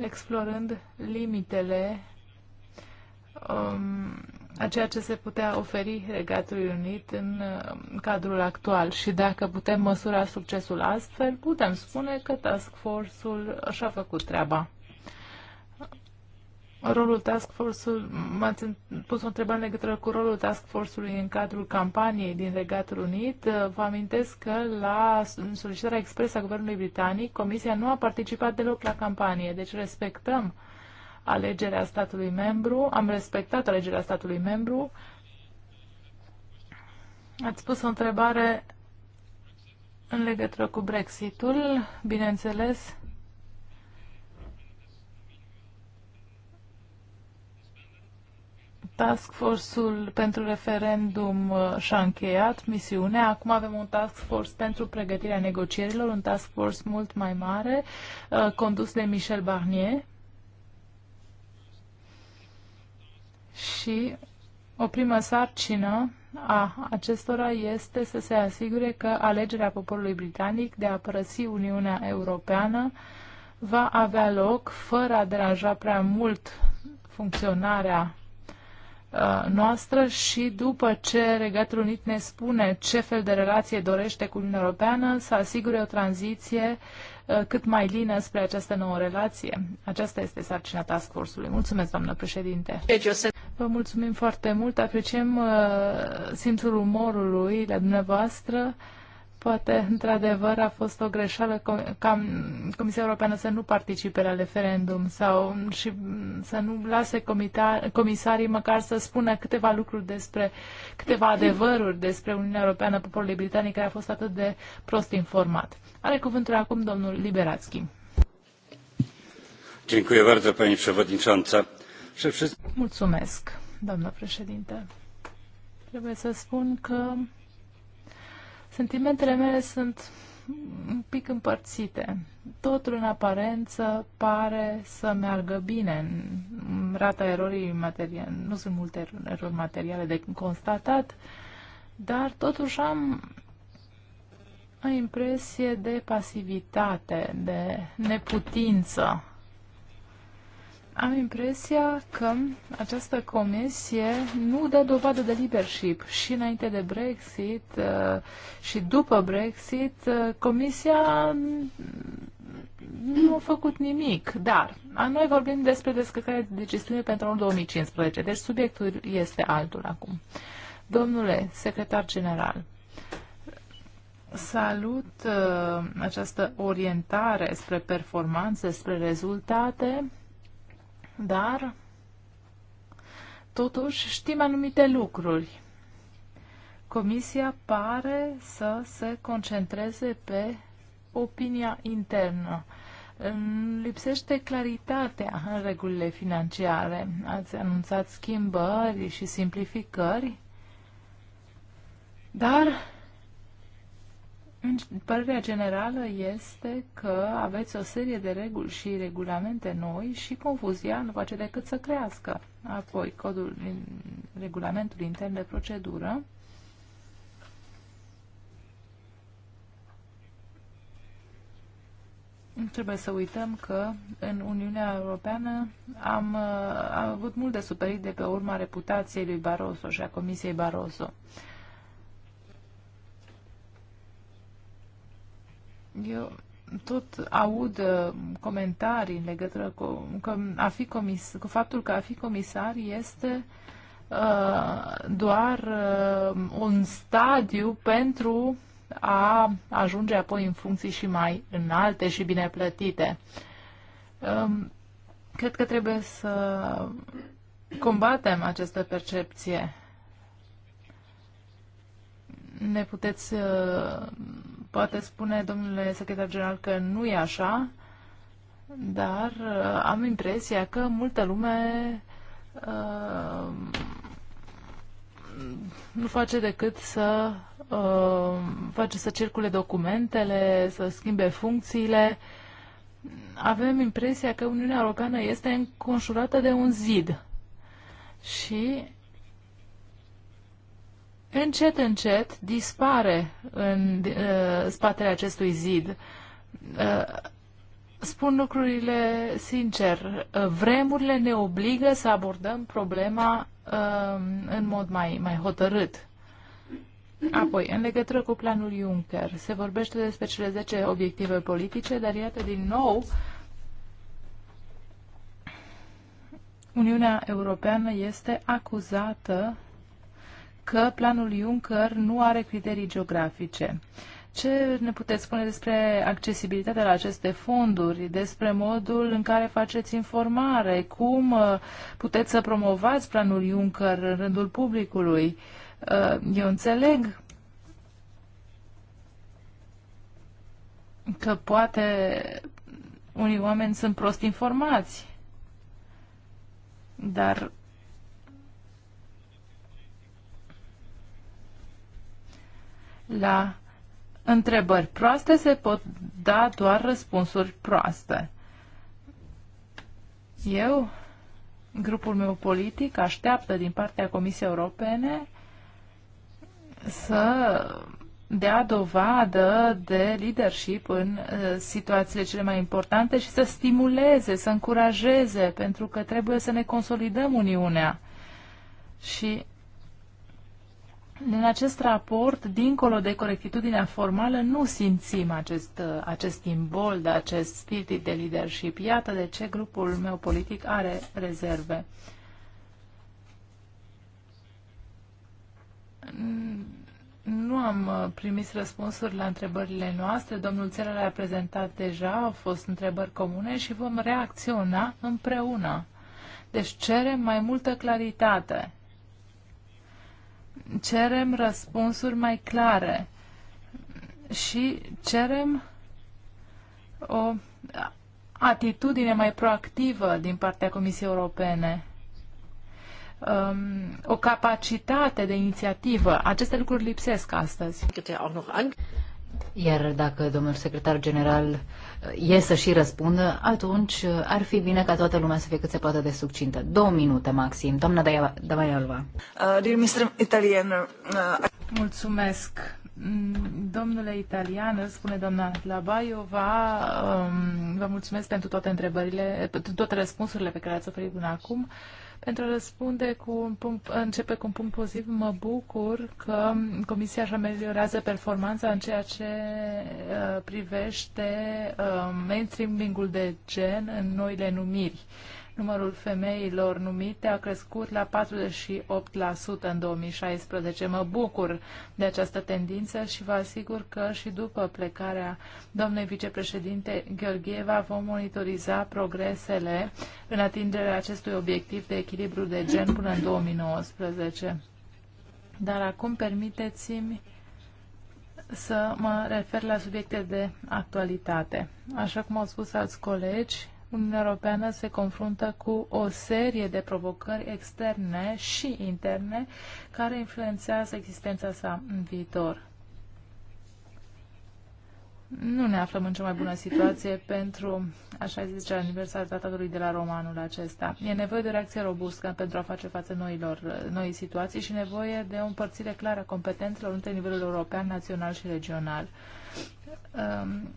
explorând limitele um, a ceea ce se putea oferi Regatului Unit în um, cadrul actual și dacă putem măsura succesul astfel, putem spune că Task Force-ul și-a făcut treaba rolul task force-ului, m-ați pus o întrebare în legătură cu rolul task force-ului în cadrul campaniei din Regatul Unit. Uh, vă amintesc că la solicitarea expresă a Guvernului Britanic, Comisia nu a participat deloc la campanie, deci respectăm alegerea statului membru, am respectat alegerea statului membru. Ați pus o întrebare în legătură cu Brexitul, bineînțeles. Task Force-ul pentru referendum uh, și-a încheiat misiunea. Acum avem un task force pentru pregătirea negocierilor, un task force mult mai mare, uh, condus de Michel Barnier. Și o primă sarcină a acestora este să se asigure că alegerea poporului britanic de a părăsi Uniunea Europeană va avea loc fără a deranja prea mult funcționarea Uh, noastră și după ce Regatul Unit ne spune ce fel de relație dorește cu Uniunea Europeană, să asigure o tranziție uh, cât mai lină spre această nouă relație. Aceasta este sarcina task force-ului. Mulțumesc, doamnă președinte. Vă mulțumim foarte mult, apreciem uh, simțul umorului la dumneavoastră. Poate, într-adevăr, a fost o greșeală ca Comisia Europeană să nu participe la referendum sau și să nu lase comisarii măcar să spună câteva lucruri despre, câteva adevăruri despre Uniunea Europeană, poporului britanic care a fost atât de prost informat. Are cuvântul acum domnul Liberatski. Mulțumesc, doamnă președinte. Trebuie să spun că Sentimentele mele sunt un pic împărțite. Totul în aparență pare să meargă bine. Rata erorii materiale, nu sunt multe er- erori materiale de constatat, dar totuși am o impresie de pasivitate, de neputință am impresia că această comisie nu dă dovadă de leadership. Și înainte de Brexit uh, și după Brexit, uh, comisia nu a făcut nimic. Dar noi vorbim despre descărcarea de gestiune pentru anul 2015, deci subiectul este altul acum. Domnule secretar general, salut uh, această orientare spre performanțe, spre rezultate dar totuși știm anumite lucruri. Comisia pare să se concentreze pe opinia internă. Lipsește claritatea în regulile financiare. Ați anunțat schimbări și simplificări, dar în părerea generală este că aveți o serie de reguli și regulamente noi și confuzia nu face decât să crească. Apoi, codul, regulamentul intern de procedură Trebuie să uităm că în Uniunea Europeană am, uh, am avut mult de suferit de pe urma reputației lui Barroso și a Comisiei Barroso. Eu tot aud uh, comentarii în legătură cu, că a fi comis, cu faptul că a fi comisar este uh, doar uh, un stadiu pentru a ajunge apoi în funcții și mai înalte și bine plătite. Um, cred că trebuie să combatem această percepție. Ne puteți uh, Poate spune domnule secretar general că nu e așa, dar uh, am impresia că multă lume uh, nu face decât să uh, face să circule documentele, să schimbe funcțiile. Avem impresia că Uniunea Europeană este înconjurată de un zid și încet, încet dispare în uh, spatele acestui zid. Uh, spun lucrurile sincer. Uh, vremurile ne obligă să abordăm problema uh, în mod mai, mai hotărât. Apoi, în legătură cu planul Juncker, se vorbește despre cele 10 obiective politice, dar iată din nou, Uniunea Europeană este acuzată că planul Juncker nu are criterii geografice. Ce ne puteți spune despre accesibilitatea la aceste fonduri, despre modul în care faceți informare, cum uh, puteți să promovați planul Juncker în rândul publicului? Uh, eu înțeleg că poate unii oameni sunt prost informați, dar La întrebări proaste se pot da doar răspunsuri proaste. Eu, grupul meu politic, așteaptă din partea Comisiei Europene să dea dovadă de leadership în uh, situațiile cele mai importante și să stimuleze, să încurajeze, pentru că trebuie să ne consolidăm Uniunea. Și în acest raport, dincolo de corectitudinea formală, nu simțim acest, acest simbol, de acest spirit de leadership. Iată de ce grupul meu politic are rezerve. Nu am uh, primit răspunsuri la întrebările noastre. Domnul Țelă le-a prezentat deja, au fost întrebări comune și vom reacționa împreună. Deci cerem mai multă claritate cerem răspunsuri mai clare și cerem o atitudine mai proactivă din partea Comisiei Europene, um, o capacitate de inițiativă. Aceste lucruri lipsesc astăzi. Iar dacă domnul secretar general e să și răspundă, atunci ar fi bine ca toată lumea să fie cât se poate de succintă. Două minute maxim. Doamna Daialva. Uh, dear Mr. Italian, uh, Mulțumesc. Mm, domnule italian, spune doamna Labaiova, um, vă mulțumesc pentru toate întrebările, pentru toate răspunsurile pe care le-ați oferit până acum. Pentru a răspunde cu un punct, începe cu un punct pozitiv, mă bucur că Comisia își ameliorează performanța în ceea ce uh, privește uh, mainstreaming-ul de gen în noile numiri Numărul femeilor numite a crescut la 48% în 2016. Mă bucur de această tendință și vă asigur că și după plecarea domnului vicepreședinte Gheorgheva vom monitoriza progresele în atingerea acestui obiectiv de echilibru de gen până în 2019. Dar acum permiteți-mi să mă refer la subiecte de actualitate. Așa cum au spus alți colegi, Uniunea Europeană se confruntă cu o serie de provocări externe și interne care influențează existența sa în viitor. Nu ne aflăm în cea mai bună situație pentru a zice, aniversarea tratatului de la romanul acesta. E nevoie de o reacție robustă pentru a face față noilor, noi situații și nevoie de o împărțire clară a competențelor între nivelul european, național și regional. Um,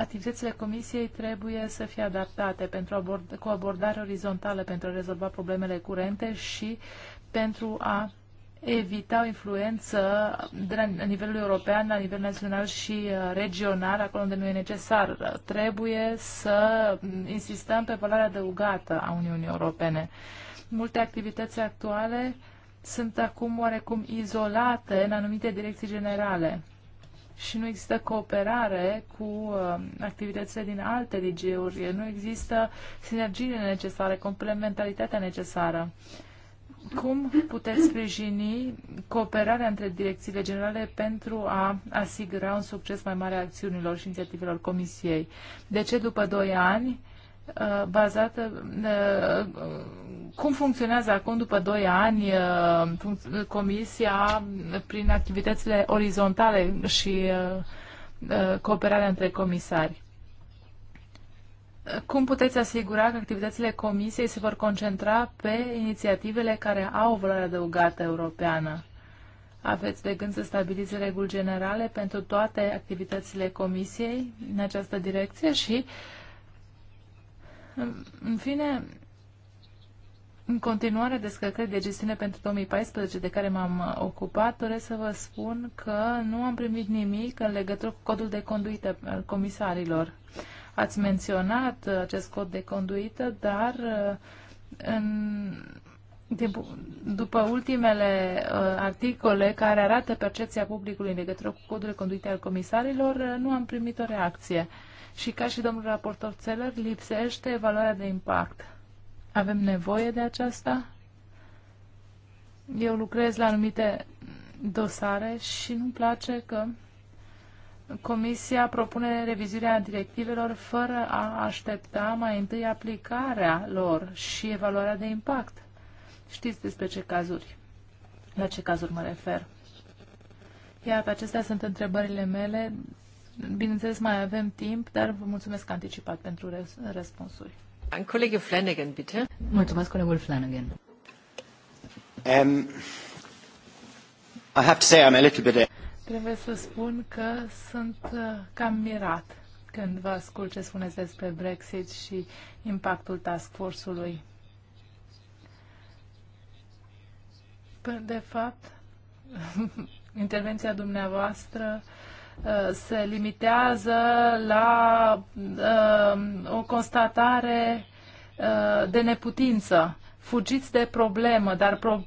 Activitățile Comisiei trebuie să fie adaptate pentru abord, cu abordare orizontală pentru a rezolva problemele curente și pentru a evita o influență de la nivelul european, la nivel național și uh, regional, acolo unde nu e necesar. Trebuie să mm, insistăm pe valoarea adăugată a Uniunii Europene. Multe activități actuale sunt acum oarecum izolate în anumite direcții generale și nu există cooperare cu um, activitățile din alte DG-uri, nu există sinergie necesare, complementaritatea necesară. Cum puteți sprijini cooperarea între direcțiile generale pentru a asigura un succes mai mare a acțiunilor și inițiativelor Comisiei? De ce după doi ani Uh, bazată uh, cum funcționează acum după 2 ani uh, comisia prin activitățile orizontale și cooperarea între comisari. Cum puteți asigura că activitățile comisiei se vor concentra pe inițiativele care au valoare adăugată europeană? Aveți de gând să stabiliți reguli generale pentru toate activitățile comisiei în această direcție și uh, în fine, în continuare, descărcări de gestiune pentru 2014 de care m-am uh, ocupat, doresc să vă spun că nu am primit nimic în legătură cu codul de conduită al comisarilor. Ați menționat uh, acest cod de conduită, dar uh, în, de, după ultimele uh, articole care arată percepția publicului în legătură cu codul de conduită al comisarilor, nu am primit o reacție. Uh, și ca și domnul raportor Țeler, lipsește evaluarea de impact. Avem nevoie de aceasta? Eu lucrez la anumite dosare și nu-mi place că Comisia propune revizuirea directivelor fără a aștepta mai întâi aplicarea lor și evaluarea de impact. Știți despre ce cazuri, la ce cazuri mă refer. Iar acestea sunt întrebările mele Bineînțeles, mai avem timp, dar vă mulțumesc anticipat pentru răspunsuri. An colegul Flanagan, bitte. Mulțumesc, colegul Flanagan. Um, I have to say I'm a little bit... Uh, Trebuie să spun că sunt uh, cam mirat când vă ascult ce spuneți despre Brexit și impactul task force-ului. De fapt, intervenția dumneavoastră uh, Uh, se limitează la uh, o constatare uh, de neputință. Fugiți de problemă, dar, pro,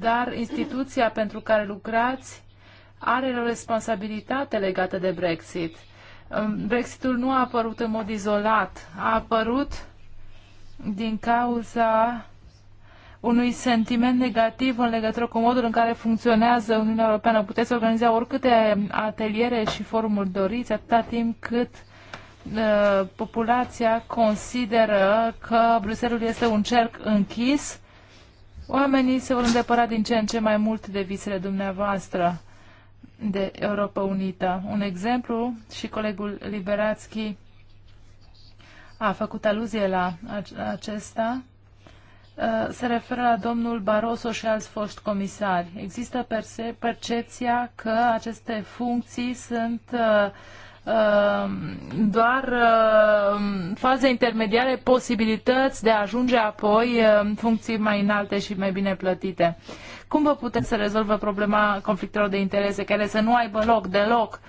dar instituția pentru care lucrați are o responsabilitate legată de Brexit. Um, Brexitul nu a apărut în mod izolat, a apărut din cauza unui sentiment negativ în legătură cu modul în care funcționează Uniunea Europeană. Puteți organiza oricâte ateliere și forumuri doriți, atâta timp cât uh, populația consideră că Bruselul este un cerc închis, oamenii se vor îndepăra din ce în ce mai mult de visele dumneavoastră de Europa Unită. Un exemplu și colegul Liberațchi a făcut aluzie la acesta Uh, se referă la domnul Barroso și alți foști comisari. Există perce percepția că aceste funcții sunt uh, uh doar uh, faze intermediare, posibilități de a ajunge apoi funcții mai înalte și mai bine plătite. Cum vă puteți să rezolvă problema conflictelor de interese care să nu aibă loc deloc? Uh,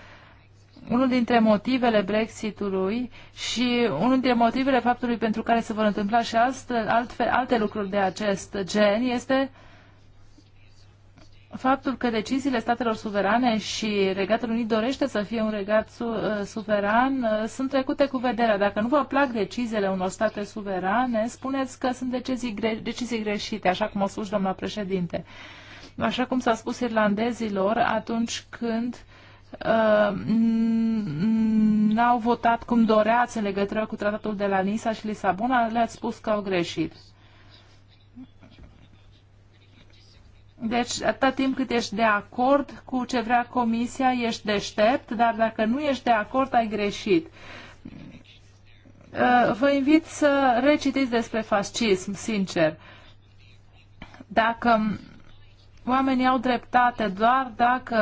unul dintre motivele Brexitului și unul dintre motivele faptului pentru care se vor întâmpla și astfel, altfel, alte lucruri de acest gen este faptul că deciziile statelor suverane și Regatul Unit dorește să fie un regat su, uh, suveran uh, sunt trecute cu vederea. Dacă nu vă plac deciziile unor state suverane, spuneți că sunt decizii, gre, decizii greșite, așa cum a spus doamna președinte. Așa cum s-a spus irlandezilor atunci când Uh, n-au votat cum doreați în legătură cu tratatul de la Nisa și Lisabona, le-ați spus că au greșit. Deci, atâta timp cât ești de acord cu ce vrea comisia, ești deștept, dar dacă nu ești de acord, ai greșit. Uh, vă invit să recitiți despre fascism, sincer. Dacă oamenii au dreptate doar dacă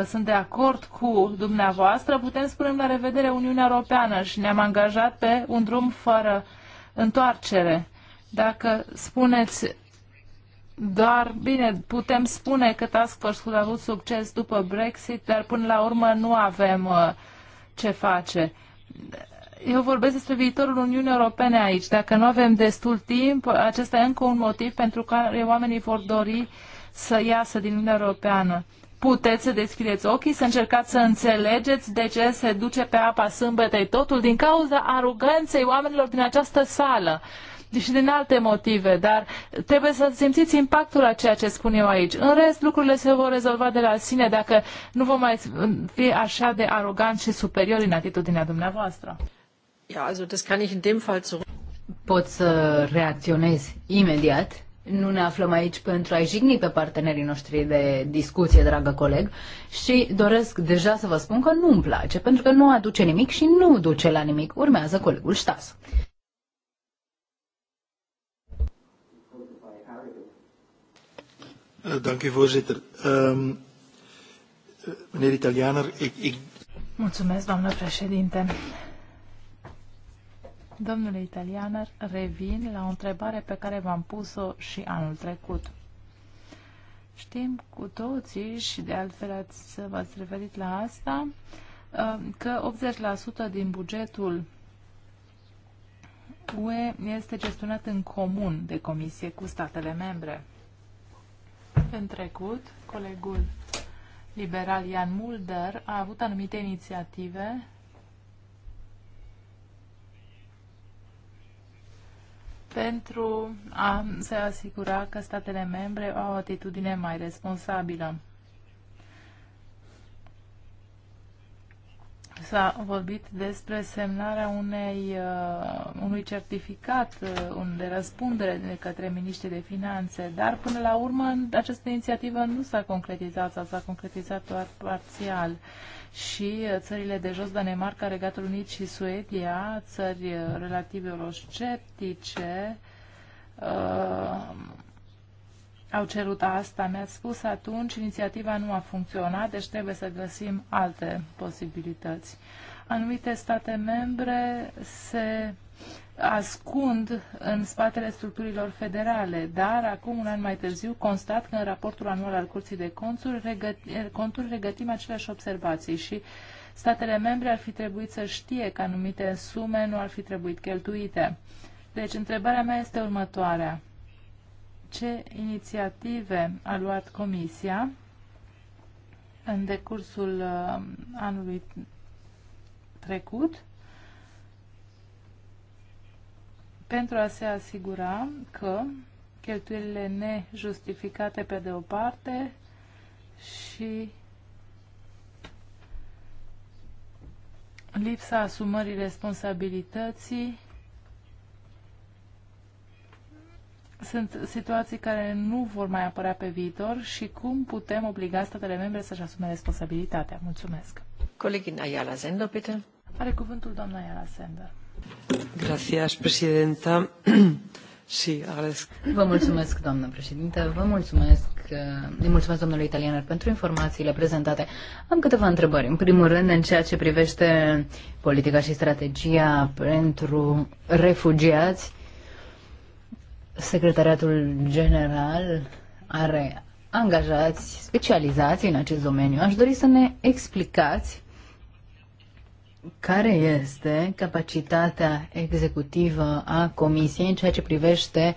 uh, sunt de acord cu dumneavoastră, putem spune la revedere Uniunea Europeană și ne-am angajat pe un drum fără întoarcere. Dacă spuneți doar, bine, putem spune că Task force a avut succes după Brexit, dar până la urmă nu avem uh, ce face. Eu vorbesc despre viitorul Uniunii Europene aici. Dacă nu avem destul timp, acesta e încă un motiv pentru care oamenii vor dori uh, să iasă din Uniunea Europeană. Puteți să deschideți ochii, să încercați să înțelegeți de ce se duce pe apa sâmbătei totul din cauza aruganței oamenilor din această sală și din alte motive, dar trebuie să simțiți impactul a ceea ce spun eu aici. În rest, lucrurile se vor rezolva de la sine dacă nu vom mai fi așa de aroganți și superiori în atitudinea dumneavoastră. Ja, also das kann ich in dem Fall zurück. Pot să reacționez imediat nu ne aflăm aici pentru a-i jigni pe partenerii noștri de discuție, dragă coleg, și doresc deja să vă spun că nu-mi place, pentru că nu aduce nimic și nu duce la nimic. Urmează colegul Ștas. voorzitter. Ehm, meneer Italianer, ik... Mulțumesc, doamnă președinte. Domnule Italianer, revin la o întrebare pe care v-am pus-o și anul trecut. Știm cu toții, și de altfel ați, v-ați referit la asta, uh, că 80% din bugetul UE este gestionat în comun de comisie cu statele membre. În trecut, colegul liberal Ian Mulder a avut anumite inițiative pentru a se asigura că statele membre au o atitudine mai responsabilă. s-a vorbit despre semnarea unei, uh, unui certificat uh, de răspundere de către Ministrii de finanțe, dar până la urmă această inițiativă nu s-a concretizat s-a concretizat doar parțial. Și uh, țările de jos, Danemarca, Regatul Unit și Suedia, țări relativ eurosceptice, uh, au cerut asta. Mi-a spus atunci, inițiativa nu a funcționat, deci trebuie să găsim alte posibilități. Anumite state membre se ascund în spatele structurilor federale, dar acum, un an mai târziu, constat că în raportul anual al Curții de Conturi, regă... Eh, conturi regătim aceleași observații și statele membre ar fi trebuit să știe că anumite sume nu ar fi trebuit cheltuite. Deci, întrebarea mea este următoarea ce inițiative a luat Comisia în decursul uh, anului trecut pentru a se asigura că cheltuielile nejustificate pe de o parte și lipsa asumării responsabilității sunt situații care nu vor mai apărea pe viitor și cum putem obliga statele membre să-și asume responsabilitatea. Mulțumesc. Colegin Ayala Zendo, Peter. Are cuvântul doamna Ayala Zendo. Gracias, presidenta. Sí, Vă mulțumesc, doamnă președinte. Vă mulțumesc, îi mulțumesc domnului Italianer pentru informațiile prezentate. Am câteva întrebări. În primul rând, în ceea ce privește politica și strategia pentru refugiați, Secretariatul General are angajați specializați în acest domeniu. Aș dori să ne explicați care este capacitatea executivă a Comisiei în ceea ce privește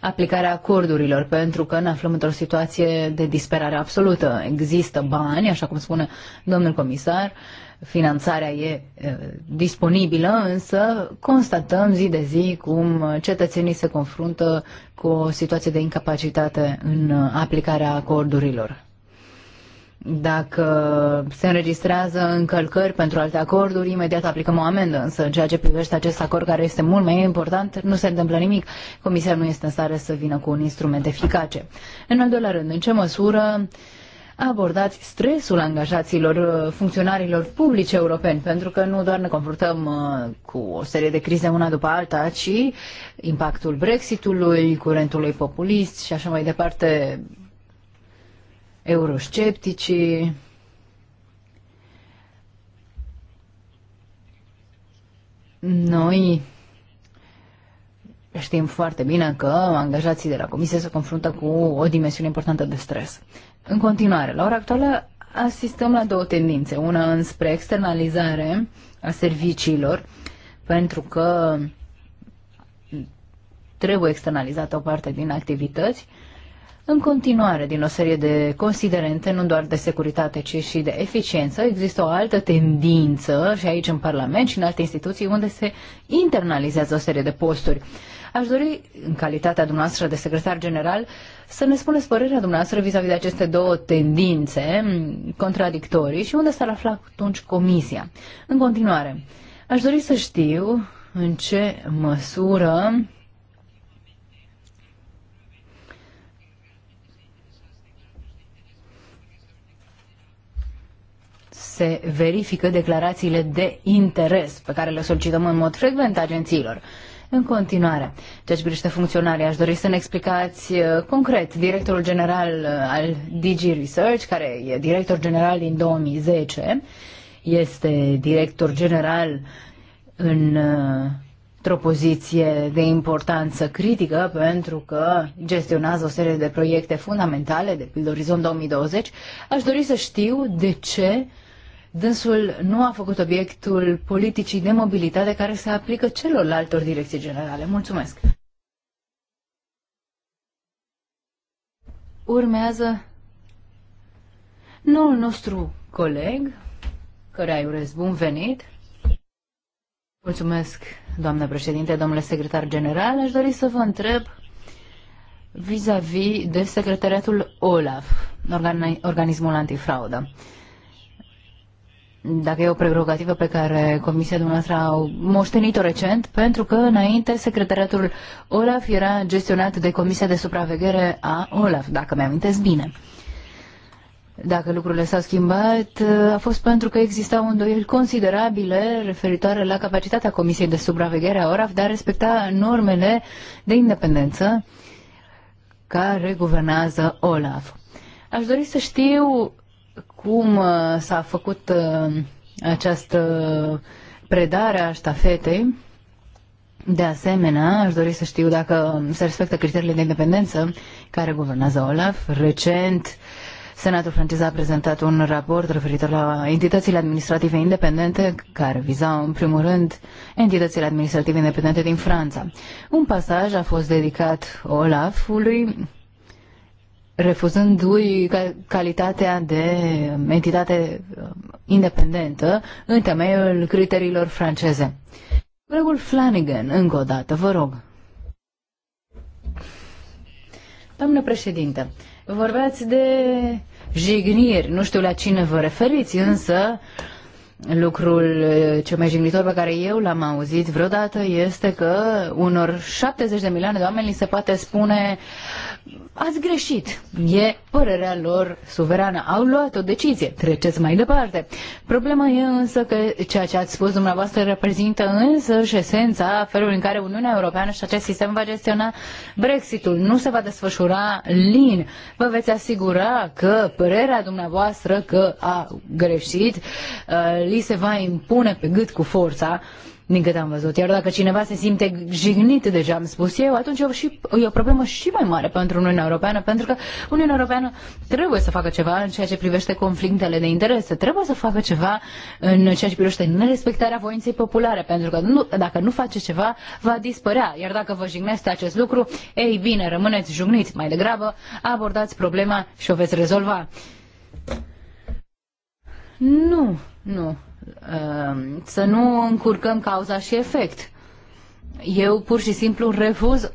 aplicarea acordurilor, pentru că ne aflăm într-o situație de disperare absolută. Există bani, așa cum spune domnul comisar, uh, finanțarea e disponibilă, însă constatăm zi de zi cum cetățenii se confruntă cu o situație de incapacitate în aplicarea acordurilor. Dacă se înregistrează încălcări pentru alte acorduri, imediat aplicăm o amendă, însă în ceea ce privește acest acord care este mult mai important, nu se întâmplă nimic. Comisia nu este în stare să vină cu un instrument eficace. În al doilea rând, în ce măsură uh, abordați stresul angajaților, uh, funcționarilor publici europeni, pentru că nu doar ne confruntăm uh, cu o serie de crize una după alta, ci impactul Brexitului, curentului populist și așa mai departe, euroscepticii, Noi știm foarte bine că angajații de la comisie se confruntă cu o dimensiune importantă de stres. În continuare, la ora actuală asistăm la două tendințe. Una înspre externalizare a serviciilor, pentru că trebuie externalizată o parte din activități, în continuare, din o serie de considerente, nu doar de securitate, ci și de eficiență, există o altă tendință și aici în Parlament și în alte instituții unde se internalizează o serie de posturi. Aș dori, în calitatea dumneavoastră de secretar general, să ne spuneți părerea dumneavoastră vis-a-vis de aceste două tendințe contradictorii și unde s-ar afla atunci comisia. În continuare, aș dori să știu în ce măsură se verifică declarațiile de interes pe care le solicităm în mod frecvent agențiilor în continuare. Ceea ce privește funcționarii, aș dori să ne explicați uh, concret directorul general uh, al DG Research, care e director general din 2010, este director general în uh, într-o poziție de importanță critică pentru că gestionează o serie de proiecte fundamentale, de pildă Orizont 2020, aș dori să știu de ce dânsul nu a făcut obiectul politicii de mobilitate care se aplică celorlaltor direcții generale. Mulțumesc! Urmează noul nostru coleg, care ai urez bun venit. Mulțumesc, doamnă președinte, domnule secretar general. Aș dori să vă întreb vis-a-vis -vis de secretariatul OLAF, organismul antifraudă dacă e o prerogativă pe care comisia dumneavoastră a moștenit-o recent, pentru că înainte secretariatul OLAF era gestionat de Comisia de Supraveghere a OLAF, dacă mi am bine. Dacă lucrurile s-au schimbat, a fost pentru că existau îndoieli considerabile referitoare la capacitatea Comisiei de Supraveghere a OLAF de a respecta normele de independență care guvernează OLAF. Aș dori să știu cum uh, s-a făcut uh, această predare a ștafetei. De asemenea, aș dori să știu dacă se respectă criteriile de independență care guvernează OLAF. Recent, Senatul francez a prezentat un raport referitor la entitățile administrative independente, care vizau, în primul rând entitățile administrative independente din Franța. Un pasaj a fost dedicat Olafului refuzându-i calitatea de entitate uh, independentă în temeiul criteriilor franceze. Colegul Flanagan, încă o dată, vă rog. Doamnă președinte, vorbeați de jigniri, nu știu la cine vă referiți, însă Lucrul eh, cel mai jignitor pe care eu l-am auzit vreodată este că unor 70 de milioane de oameni li se poate spune ați greșit, e părerea lor suverană, au luat o decizie, treceți mai departe. Problema e însă că ceea ce ați spus dumneavoastră reprezintă însă și esența felului în care Uniunea Europeană și acest sistem va gestiona Brexitul. Nu se va desfășura lin. Vă veți asigura că părerea dumneavoastră că a greșit eh, li se va impune pe gât cu forța, din câte am văzut. Iar dacă cineva se simte jignit, deja am spus eu, atunci e o, și, e o problemă și mai mare pentru Uniunea Europeană, pentru că Uniunea Europeană trebuie să facă ceva în ceea ce privește conflictele de interese, trebuie să facă ceva în ceea ce privește nerespectarea voinței populare, pentru că nu, dacă nu face ceva, va dispărea. Iar dacă vă jignește acest lucru, ei bine, rămâneți jugniți mai degrabă, abordați problema și o veți rezolva. Nu nu. Ehm, să nu încurcăm cauza și efect. Eu pur și simplu refuz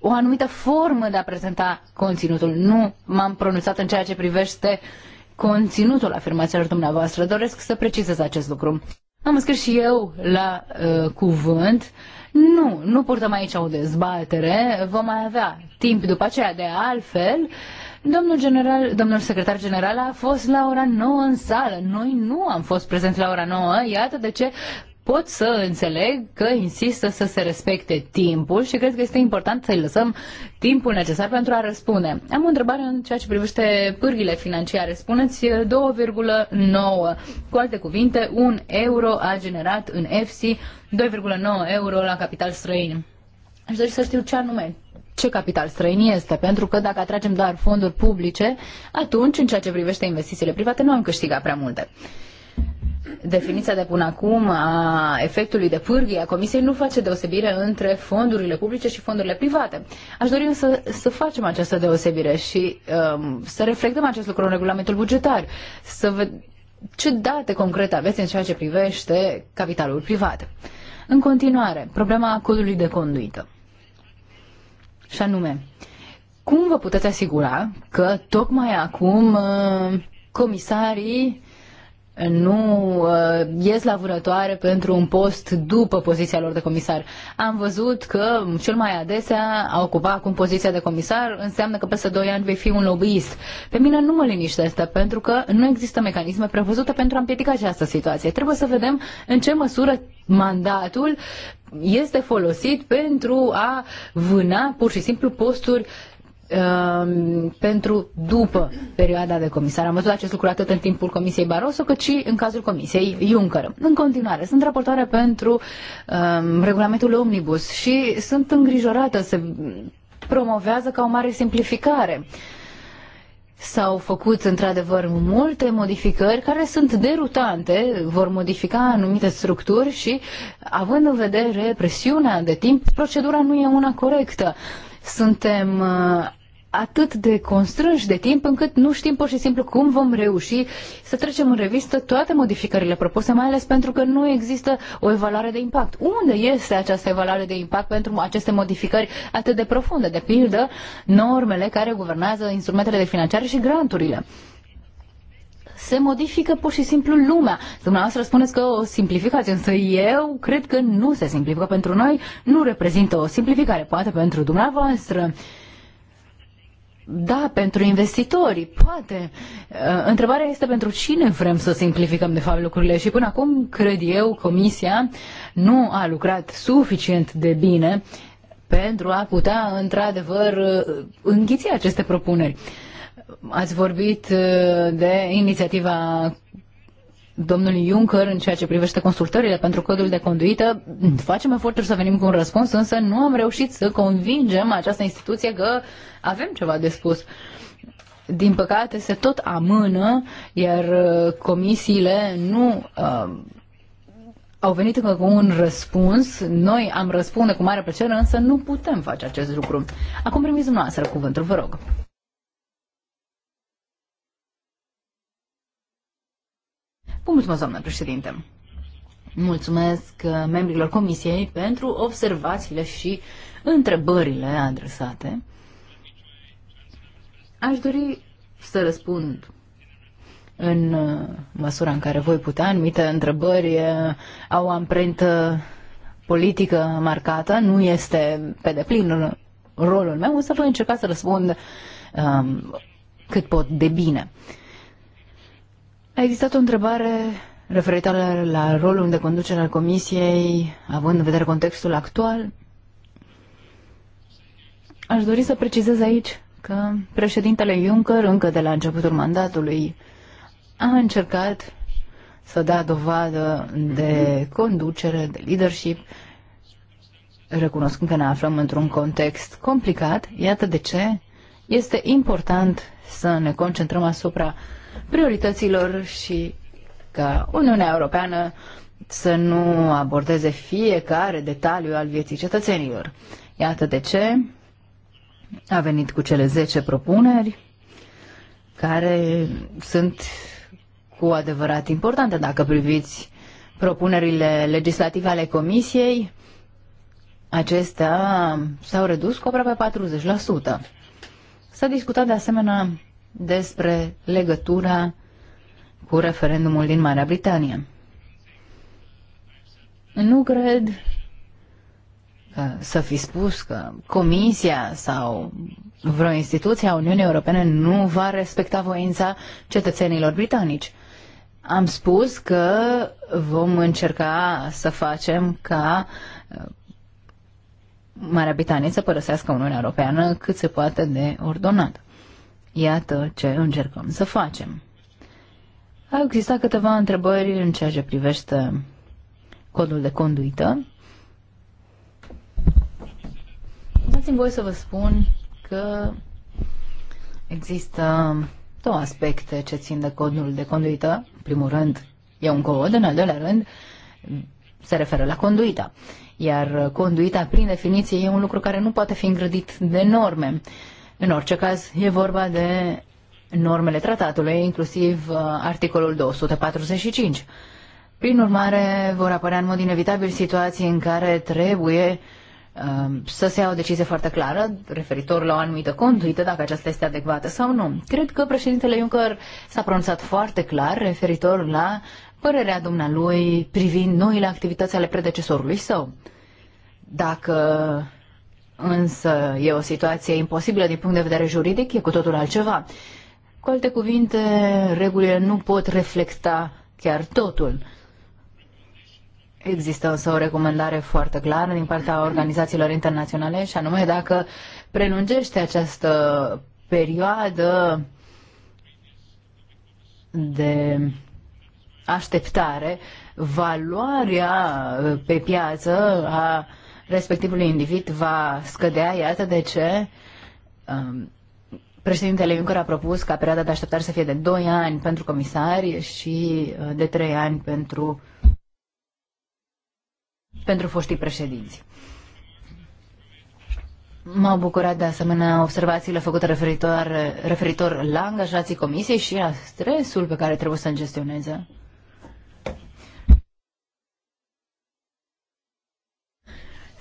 o anumită formă de a prezenta conținutul. Nu m-am pronunțat în ceea ce privește conținutul afirmațiilor dumneavoastră. Doresc să precizez acest lucru. Am scris și eu la uh, cuvânt. Nu, nu purtăm aici o dezbatere. Vom mai avea timp după aceea de altfel. Uh, Domnul, general, domnul secretar general a fost la ora 9 în sală. Noi nu am fost prezenți la ora 9. Iată de ce pot să înțeleg că insistă să se respecte timpul și cred că este important să-i lăsăm timpul necesar pentru a răspunde. Am o întrebare în ceea ce privește pârghile financiare. Spuneți 2,9. Eh, Cu alte cuvinte, un euro a generat în EFSI 2,9 euro la capital străin. Aș dori să știu ce anume, ce capital străin este, pentru că dacă atragem doar fonduri publice, atunci, în ceea ce privește investițiile private, nu am câștigat prea multe. Definiția de până acum a efectului de pârghie a Comisiei nu face deosebire între fondurile publice și fondurile private. Aș dori să să facem această deosebire și um, să reflectăm acest lucru în regulamentul bugetar, să vedem ce date concrete aveți în ceea ce privește capitalul privat. În continuare, problema codului de conduită. Și anume, cum vă puteți asigura că tocmai acum uh, comisarii nu uh, ies la vânătoare pentru un post după poziția lor de comisar. Am văzut că cel mai adesea a ocupat acum poziția de comisar înseamnă că peste 2 ani vei fi un lobbyist. Pe mine nu mă liniștește pentru că nu există mecanisme prevăzute pentru a împiedica această situație. Trebuie să vedem în ce măsură mandatul este folosit pentru a vâna pur și simplu posturi Um, pentru după perioada de comisar. Am văzut acest lucru atât în timpul Comisiei Barroso, cât și în cazul Comisiei Juncker. În continuare, sunt raportoare pentru um, regulamentul Omnibus și sunt îngrijorată, se promovează ca o mare simplificare. S-au făcut într-adevăr multe modificări care sunt derutante, vor modifica anumite structuri și, având în vedere presiunea de timp, procedura nu e una corectă. Suntem uh, atât de constrânși de timp încât nu știm pur și simplu cum vom reuși să trecem în revistă toate modificările propuse, mai ales pentru că nu există o evaluare de impact. Unde este această evaluare de impact pentru aceste modificări atât de profunde, de pildă normele care guvernează instrumentele de finanțare și granturile? se modifică pur și simplu lumea. Dumneavoastră spuneți că o simplificați, însă eu cred că nu se simplifică. Pentru noi nu reprezintă o simplificare, poate pentru dumneavoastră. Uh, da, pentru investitori, poate. Uh, întrebarea este pentru cine vrem să simplificăm, de fapt, lucrurile. Și până acum, cred eu, Comisia nu a lucrat suficient de bine pentru a putea, într-adevăr, uh, înghiți aceste propuneri. Ați vorbit uh, de inițiativa domnului Juncker în ceea ce privește consultările pentru codul de conduită. Facem eforturi să venim cu un răspuns, însă nu am reușit să convingem această instituție că avem ceva de spus. Din păcate, se tot amână, iar uh, comisiile nu uh, au venit încă cu un răspuns. Noi am răspunde cu mare plăcere, însă nu putem face acest lucru. Acum primiți dumneavoastră cuvântul, vă rog. mulțumesc, doamnă președinte. Mulțumesc uh, membrilor comisiei pentru observațiile și întrebările adresate. Aș dori să răspund în uh, măsura în care voi putea. Anumite întrebări uh, au amprentă politică marcată, nu este pe deplin rolul meu, însă voi încerca să răspund um, cât pot de bine. Uh, a existat o întrebare referitoare la rolul de conducere al Comisiei, având în vedere contextul actual. Aș dori să precizez aici că președintele Juncker, încă de la începutul mandatului, a încercat să dea dovadă de conducere, de leadership, recunoscând că ne aflăm într-un context complicat. Iată de ce este important să ne concentrăm asupra uh, priorităților și ca Uniunea Europeană să nu abordeze fiecare detaliu al vieții cetățenilor. Iată de ce a venit cu cele 10 propuneri care sunt cu adevărat importante dacă priviți propunerile legislative ale Comisiei, acestea s-au redus cu aproape 40%. S-a discutat de asemenea despre legătura cu referendumul din Marea Britanie. Nu cred că să fi spus că Comisia sau vreo instituție a Uniunii Europene nu va respecta voința cetățenilor britanici. Am spus că vom încerca să facem ca uh, Marea Britanie să părăsească Uniunea Europeană cât se poate de ordonată. Iată ce încercăm să facem. Au existat câteva întrebări în ceea ce privește codul de conduită. Dați-mi voi să vă spun că există două aspecte ce țin de codul de conduită. În primul rând, e un cod, în al doilea rând, se referă la conduita. Iar conduita, prin definiție, e un lucru care nu poate fi îngrădit de norme. Uh, în orice caz, e vorba de normele tratatului, inclusiv uh, articolul 245. Prin urmare, vor apărea în mod inevitabil situații în care trebuie um, să se ia o decizie foarte clară referitor la o anumită conduită, dacă aceasta este adecvată sau nu. Cred că președintele Juncker s-a pronunțat foarte clar referitor la părerea dumnealui privind noile activități ale predecesorului său. Dacă Însă e o situație imposibilă din punct de vedere juridic, e cu totul altceva. Cu alte cuvinte, regulile nu pot reflecta chiar totul. Există însă o recomandare foarte clară din partea organizațiilor internaționale și anume dacă prelungește această perioadă de așteptare, valoarea pe piață a respectivului individ va scădea. Iată de ce um, președintele Juncker a propus ca perioada de așteptare să fie de 2 ani pentru comisari și uh, de 3 ani pentru, pentru foștii președinți. M-au bucurat de asemenea observațiile făcute referitor, referitor la angajații comisiei și la stresul pe care trebuie să-l gestioneze.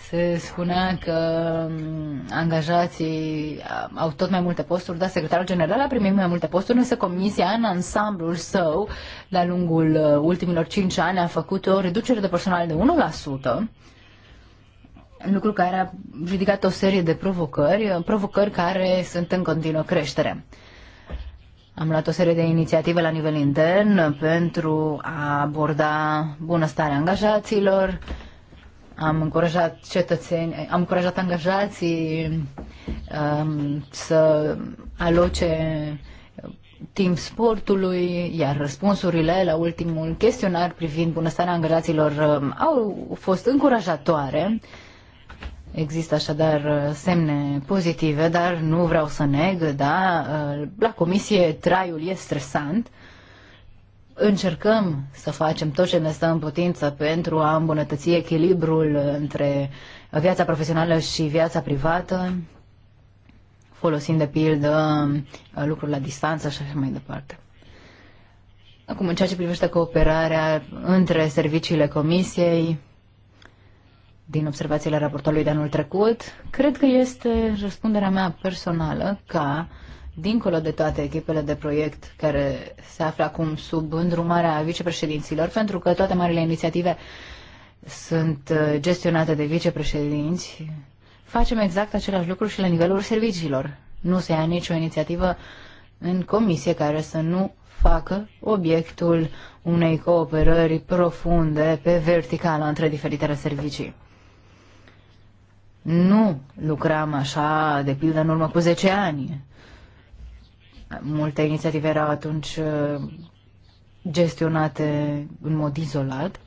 se spunea că um, angajații au tot mai multe posturi, dar secretarul general a primit mai multe posturi, însă comisia în ansamblul său, la lungul uh, ultimilor 5 ani, a făcut o reducere de personal de 1%, lucru care a ridicat o serie de provocări, uh, provocări care sunt în continuă creștere. Am luat o serie de inițiative la nivel intern pentru a aborda bunăstarea angajaților, am încurajat cetățeni, am încurajat angajații um, să aloce timp sportului, iar răspunsurile la ultimul chestionar privind bunăstarea angajaților um, au fost încurajatoare. Există așadar uh, semne pozitive, dar nu vreau să neg, da, uh, la comisie traiul e stresant încercăm să facem tot ce ne stă în putință pentru a îmbunătăți echilibrul între viața profesională și viața privată, folosind de pildă lucruri la distanță și așa mai departe. Acum, în ceea ce privește cooperarea între serviciile comisiei, din observațiile raportului de anul trecut, cred că este răspunderea mea personală ca uh, dincolo de toate echipele de proiect care se află acum sub îndrumarea vicepreședinților, pentru că toate marile inițiative sunt uh, gestionate de vicepreședinți, facem exact același lucru și la nivelul serviciilor. Nu se ia nicio inițiativă în comisie care să nu facă obiectul unei cooperări profunde pe verticală între diferitele servicii. Nu lucram așa, de pildă, în urmă cu 10 ani. Multe inițiative erau atunci uh, gestionate în mod izolat,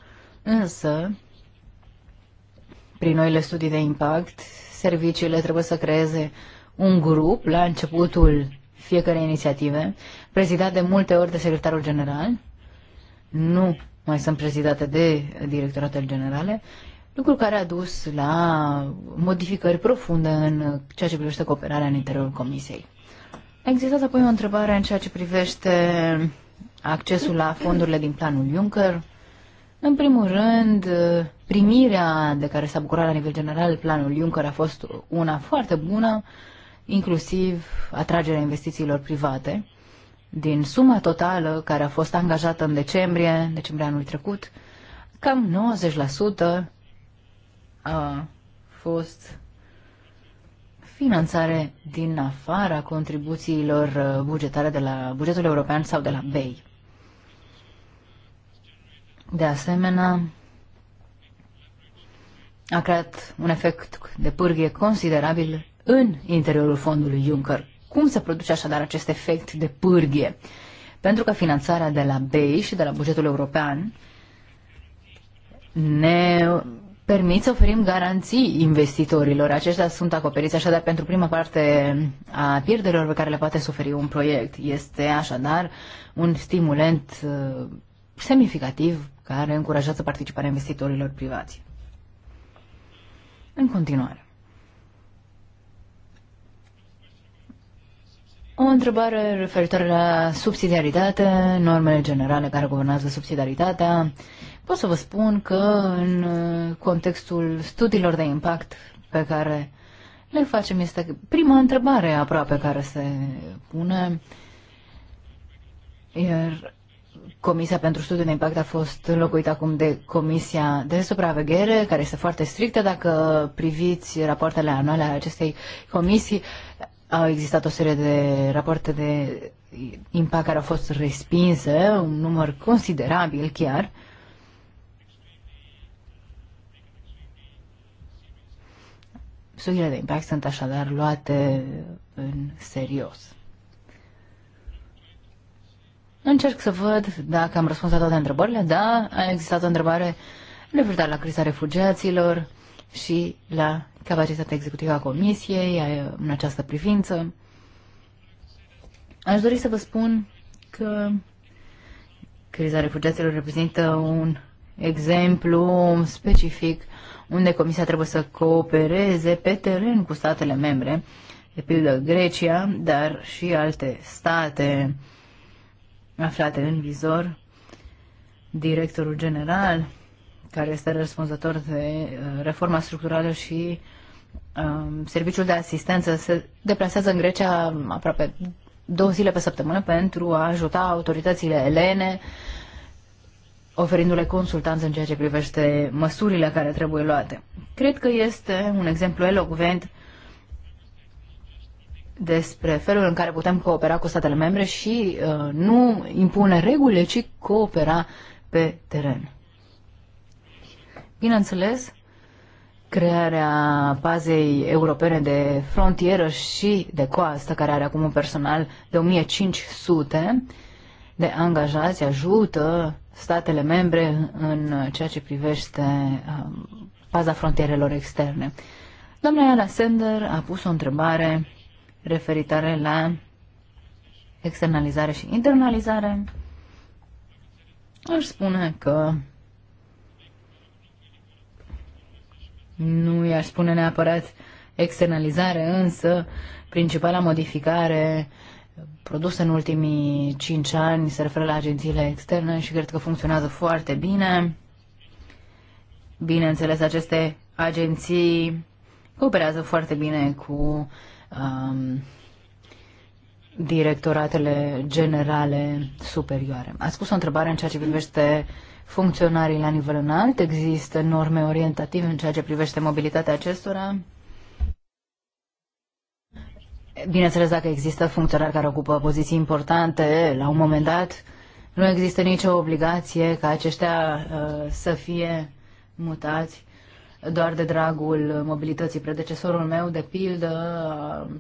însă, prin noile studii de impact, serviciile trebuie să creeze un grup la începutul fiecarei inițiative, prezidat de multe ori de secretarul general, nu mai sunt prezidate de directoratele generale, lucru care a dus la modificări profunde în ceea ce privește cooperarea în interiorul Comisiei. Există apoi o întrebare în ceea ce privește accesul la fondurile din planul Juncker. În primul rând, primirea de care s-a bucurat la nivel general planul Juncker a fost una foarte bună, inclusiv atragerea investițiilor private. Din suma totală care a fost angajată în decembrie, decembrie anul trecut, cam 90% a fost finanțare din afara contribuțiilor uh, bugetare de la bugetul european sau de la BEI. De asemenea, a creat un efect de pârghie considerabil în interiorul fondului Juncker. Cum se produce așadar acest efect de pârghie? Pentru că finanțarea de la BEI și de la bugetul european ne permit să oferim garanții investitorilor. Aceștia sunt acoperiți așadar pentru prima parte a pierderilor pe care le poate suferi un proiect. Este așadar un stimulent uh, semnificativ care încurajează participarea investitorilor privați. În continuare, O întrebare referitoare la subsidiaritate, normele generale care guvernează subsidiaritatea. Pot să vă spun că în uh, contextul studiilor de impact pe care le facem este prima întrebare aproape care se pune, iar Comisia pentru Studiul de Impact a fost înlocuită acum de Comisia de Supraveghere, care este foarte strictă. Dacă priviți rapoartele anuale ale acestei comisii, au existat o serie de rapoarte de impact care au fost respinse, un număr considerabil chiar. Studiile de impact sunt așadar luate în serios. Încerc să văd dacă am răspuns la toate întrebările. Da, a existat o întrebare referitoare la criza refugiaților și la capacitatea executivă a Comisiei în această privință. Aș dori să vă spun că criza refugiaților reprezintă un exemplu specific unde Comisia trebuie să coopereze pe teren cu statele membre, de pildă Grecia, dar și alte state aflate în vizor. Directorul general care este răspunzător de uh, reforma structurală și um, serviciul de asistență, se deplasează în Grecia aproape două zile pe săptămână pentru a ajuta autoritățile elene, oferindu-le consultanță în ceea ce privește măsurile care trebuie luate. Cred că este un exemplu elocvent despre felul în care putem coopera cu statele membre și uh, nu impune regulile, ci coopera pe teren. Bineînțeles, crearea bazei europene de frontieră și de coastă, care are acum un personal de 1500 de angajați, ajută statele membre în ceea ce privește um, paza frontierelor externe. Doamna Iana Sender a pus o întrebare referitoare la externalizare și internalizare. Aș spune că Nu i-aș spune neapărat externalizare, însă principala modificare produsă în ultimii 5 ani se referă la agențiile externe și cred că funcționează foarte bine. Bineînțeles, aceste agenții cooperează foarte bine cu um, directoratele generale superioare. A spus o întrebare în ceea ce privește uh, funcționarii la nivel înalt, există norme orientative în ceea ce privește mobilitatea acestora. Bineînțeles, dacă există funcționari care ocupă poziții importante, la un moment dat, nu există nicio obligație ca aceștia uh, să fie mutați doar de dragul mobilității. Predecesorul meu, de pildă,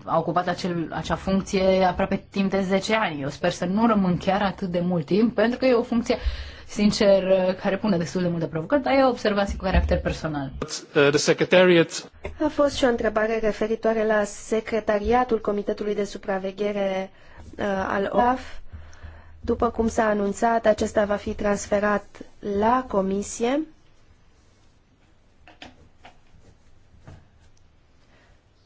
a ocupat acel, acea funcție aproape timp de 10 ani. Eu sper să nu rămân chiar atât de mult timp, pentru că e o funcție sincer, uh, care pune destul de multe provocări, dar e o observație cu caracter personal. Uh, A fost și o întrebare referitoare la secretariatul Comitetului de Supraveghere uh, al OAF. După cum s-a anunțat, acesta va fi transferat la comisie.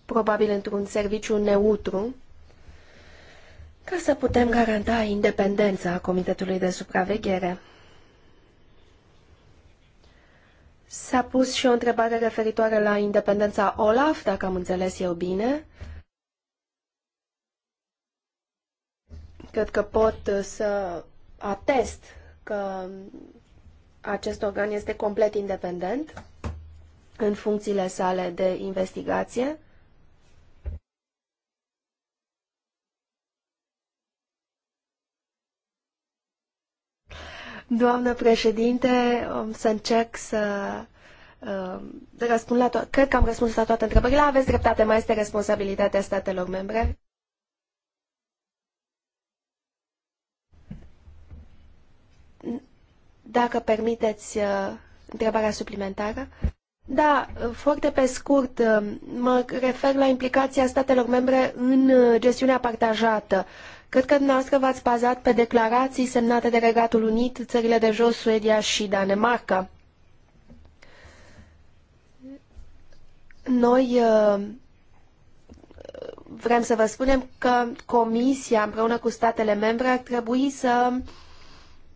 probabil într-un serviciu neutru, ca să putem garanta independența Comitetului de Supraveghere. S-a pus și o întrebare referitoare la independența OLAF, dacă am înțeles eu bine. Cred că pot să atest că acest organ este complet independent în funcțiile sale de investigație Doamnă președinte, um, să încerc să um, răspund la toate. Cred că am răspuns la toate întrebările. Aveți dreptate, mai este responsabilitatea statelor membre? Dacă permiteți uh, întrebarea suplimentară. Da, foarte pe scurt, um, mă refer la implicația statelor membre în uh, gestiunea partajată. Uh, Cred că dumneavoastră v-ați bazat pe declarații semnate de Regatul Unit, țările de jos, Suedia și Danemarca. Noi uh, vrem să vă spunem că Comisia, împreună cu statele membre, ar trebui să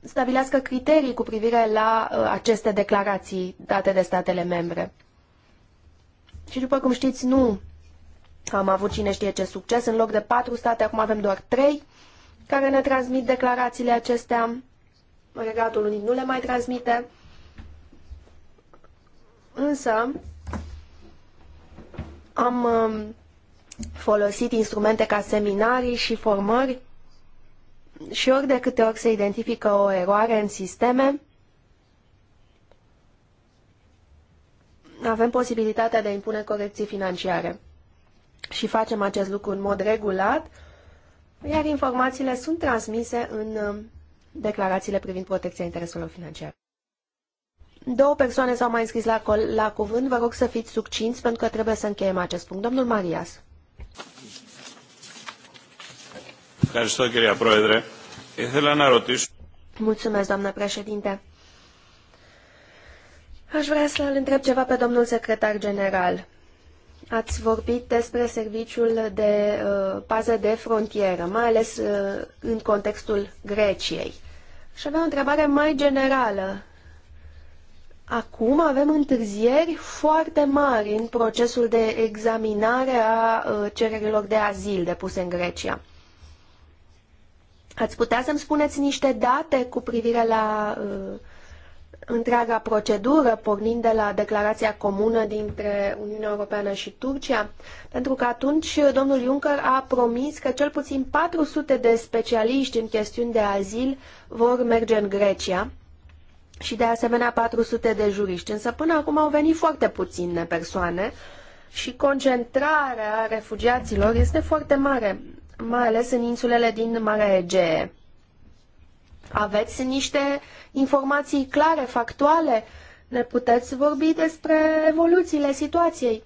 stabilească criterii cu privire la uh, aceste declarații date de statele membre. Și după cum știți, nu am avut cine știe ce succes. În loc de patru state, acum avem doar trei care ne transmit declarațiile acestea. Regatul Unit nu le mai transmite. Însă am um, folosit instrumente ca seminarii și formări și ori de câte ori se identifică o eroare în sisteme, avem posibilitatea de a impune corecții financiare și facem acest lucru în mod regulat, iar informațiile sunt transmise în um, declarațiile privind protecția intereselor financiare. Două persoane s-au mai înscris la, la cuvânt. Vă rog să fiți succinți pentru că trebuie să încheiem acest punct. Domnul Marias. Mulțumesc, doamnă președinte. Aș vrea să-l întreb ceva pe domnul secretar general. Ați vorbit despre serviciul de uh, pază de frontieră, mai ales uh, în contextul Greciei. Și avea o întrebare mai generală. Acum avem întârzieri foarte mari în procesul de examinare a uh, cererilor de azil depuse în Grecia. Ați putea să-mi spuneți niște date cu privire la uh, întreaga procedură, pornind de la declarația comună dintre Uniunea Europeană și Turcia, pentru că atunci domnul Juncker a promis că cel puțin 400 de specialiști în chestiuni de azil vor merge în Grecia și de asemenea 400 de juriști. Însă până acum au venit foarte puține persoane și concentrarea refugiaților este foarte mare, mai ales în insulele din Marea Egee. Aveți niște informații clare, factuale? Ne puteți vorbi despre evoluțiile situației?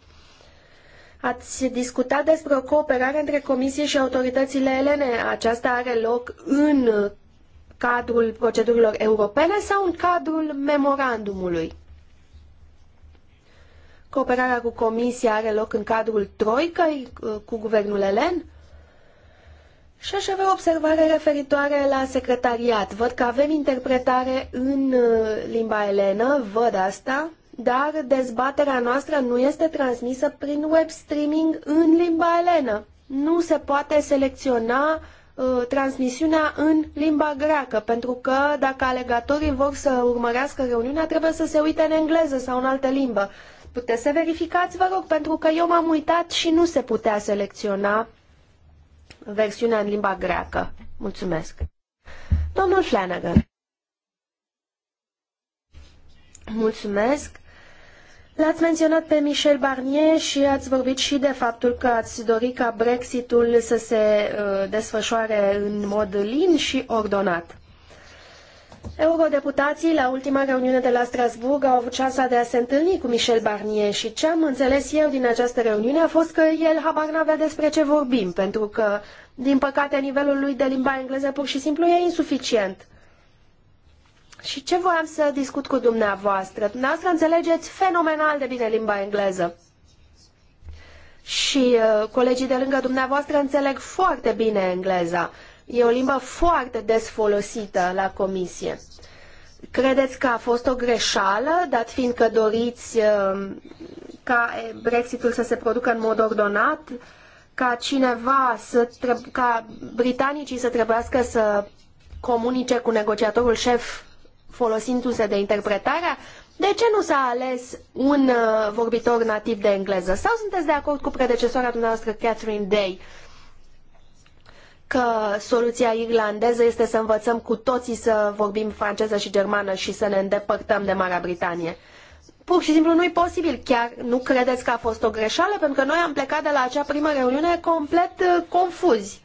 Ați discutat despre o cooperare între Comisie și autoritățile elene. Aceasta are loc în cadrul procedurilor europene sau în cadrul memorandumului? Cooperarea cu Comisia are loc în cadrul Troicăi cu guvernul elen? Și aș avea o observare referitoare la secretariat. Văd că avem interpretare în uh, limba elenă, văd asta, dar dezbaterea noastră nu este transmisă prin web streaming în limba elenă. Nu se poate selecționa uh, transmisiunea în limba greacă, pentru că dacă alegatorii vor să urmărească reuniunea, trebuie să se uite în engleză sau în altă limbă. Puteți să verificați, vă rog, pentru că eu m-am uitat și nu se putea selecționa versiunea în limba greacă. Mulțumesc. Domnul Flanagan. Mulțumesc. L-ați menționat pe Michel Barnier și ați vorbit și de faptul că ați dori ca Brexitul să se uh, desfășoare în mod lin și ordonat. Eurodeputații la ultima reuniune de la Strasbourg au avut șansa de a se întâlni cu Michel Barnier și ce am înțeles eu din această reuniune a fost că el habar n-avea despre ce vorbim, pentru că, din păcate, nivelul lui de limba engleză pur și simplu e insuficient. Și ce voiam să discut cu dumneavoastră? Dumneavoastră înțelegeți fenomenal de bine limba engleză. Și uh, colegii de lângă dumneavoastră înțeleg foarte bine engleza. E o limbă foarte des folosită la comisie. Credeți că a fost o greșeală, dat fiind că doriți um, ca Brexitul să se producă în mod ordonat, ca cineva să ca britanicii să trebuiască să comunice cu negociatorul șef folosindu-se de interpretarea? De ce nu s-a ales un uh, vorbitor nativ de engleză? Sau sunteți de acord cu predecesoarea dumneavoastră Catherine Day, că soluția irlandeză este să învățăm cu toții să vorbim franceză și germană și să ne îndepărtăm de Marea Britanie. Pur și simplu nu e posibil. Chiar nu credeți că a fost o greșeală? Pentru că noi am plecat de la acea primă reuniune complet uh, confuzi.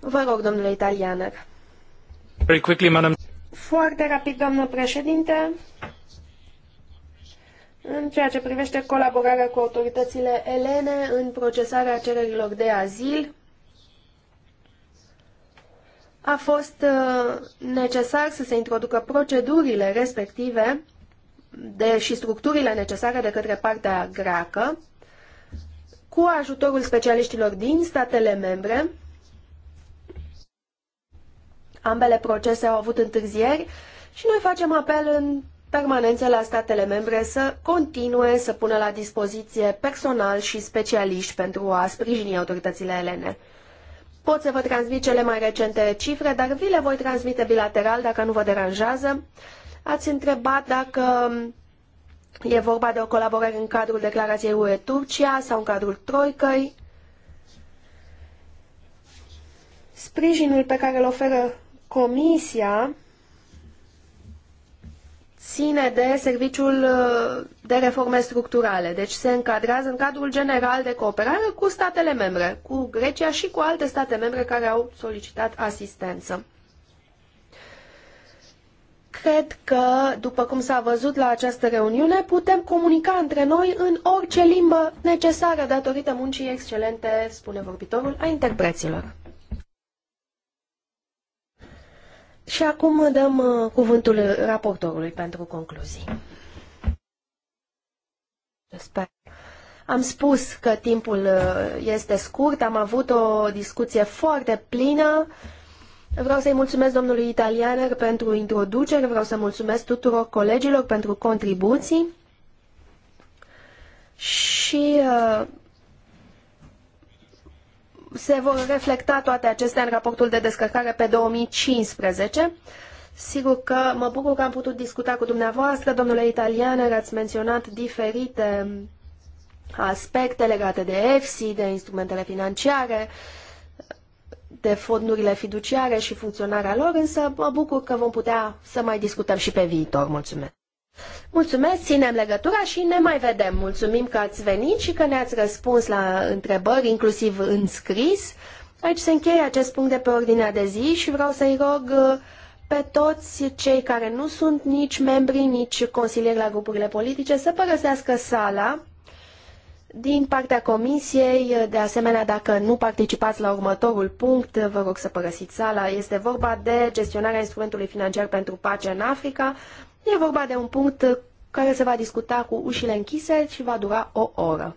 Vă rog, domnule italianer. Very quickly, madam. Foarte rapid, domnule președinte. În ceea ce privește colaborarea cu autoritățile elene în procesarea cererilor de azil, a fost uh, necesar să se introducă procedurile respective de, și structurile necesare de către partea greacă, cu ajutorul specialiștilor din statele membre. Ambele procese au avut întârzieri și noi facem apel în permanențe la statele membre să continue să pună la dispoziție personal și specialiști pentru a sprijini autoritățile elene. Pot să vă transmit cele mai recente cifre, dar vi le voi transmite bilateral dacă nu vă deranjează. Ați întrebat dacă e vorba de o colaborare în cadrul declarației UE-Turcia sau în cadrul Troicăi. Sprijinul pe care îl oferă Comisia ține de serviciul uh, de reforme structurale, deci se încadrează în cadrul general de cooperare cu statele membre, cu Grecia și cu alte state membre care au solicitat asistență. Cred că, după cum s-a văzut la această reuniune, putem comunica între noi în orice limbă necesară datorită muncii excelente, spune vorbitorul, a interpreților. Și acum dăm uh, cuvântul raportorului pentru concluzii. Sper. Am spus că timpul uh, este scurt, am avut o discuție foarte plină. Vreau să-i mulțumesc domnului Italianer pentru introducere, vreau să mulțumesc tuturor colegilor pentru contribuții și uh, se vor reflecta toate acestea în raportul de descărcare pe 2015. Sigur că mă bucur că am putut discuta cu dumneavoastră, domnule italian, ați menționat diferite aspecte legate de EFSI, de instrumentele financiare, de fondurile fiduciare și funcționarea lor, însă mă bucur că vom putea să mai discutăm și pe viitor. Mulțumesc! Mulțumesc, ținem legătura și ne mai vedem. Mulțumim că ați venit și că ne-ați răspuns la întrebări, inclusiv în scris. Aici se încheie acest punct de pe ordinea de zi și vreau să-i rog uh, pe toți cei care nu sunt nici membri, nici consilieri la grupurile politice să părăsească sala din partea comisiei. Uh, de asemenea, dacă nu participați la următorul punct, uh, vă rog să părăsiți sala. Este vorba de gestionarea instrumentului financiar pentru pace în Africa. E vorba de un punct uh, care se va discuta cu ușile închise și va dura o oră.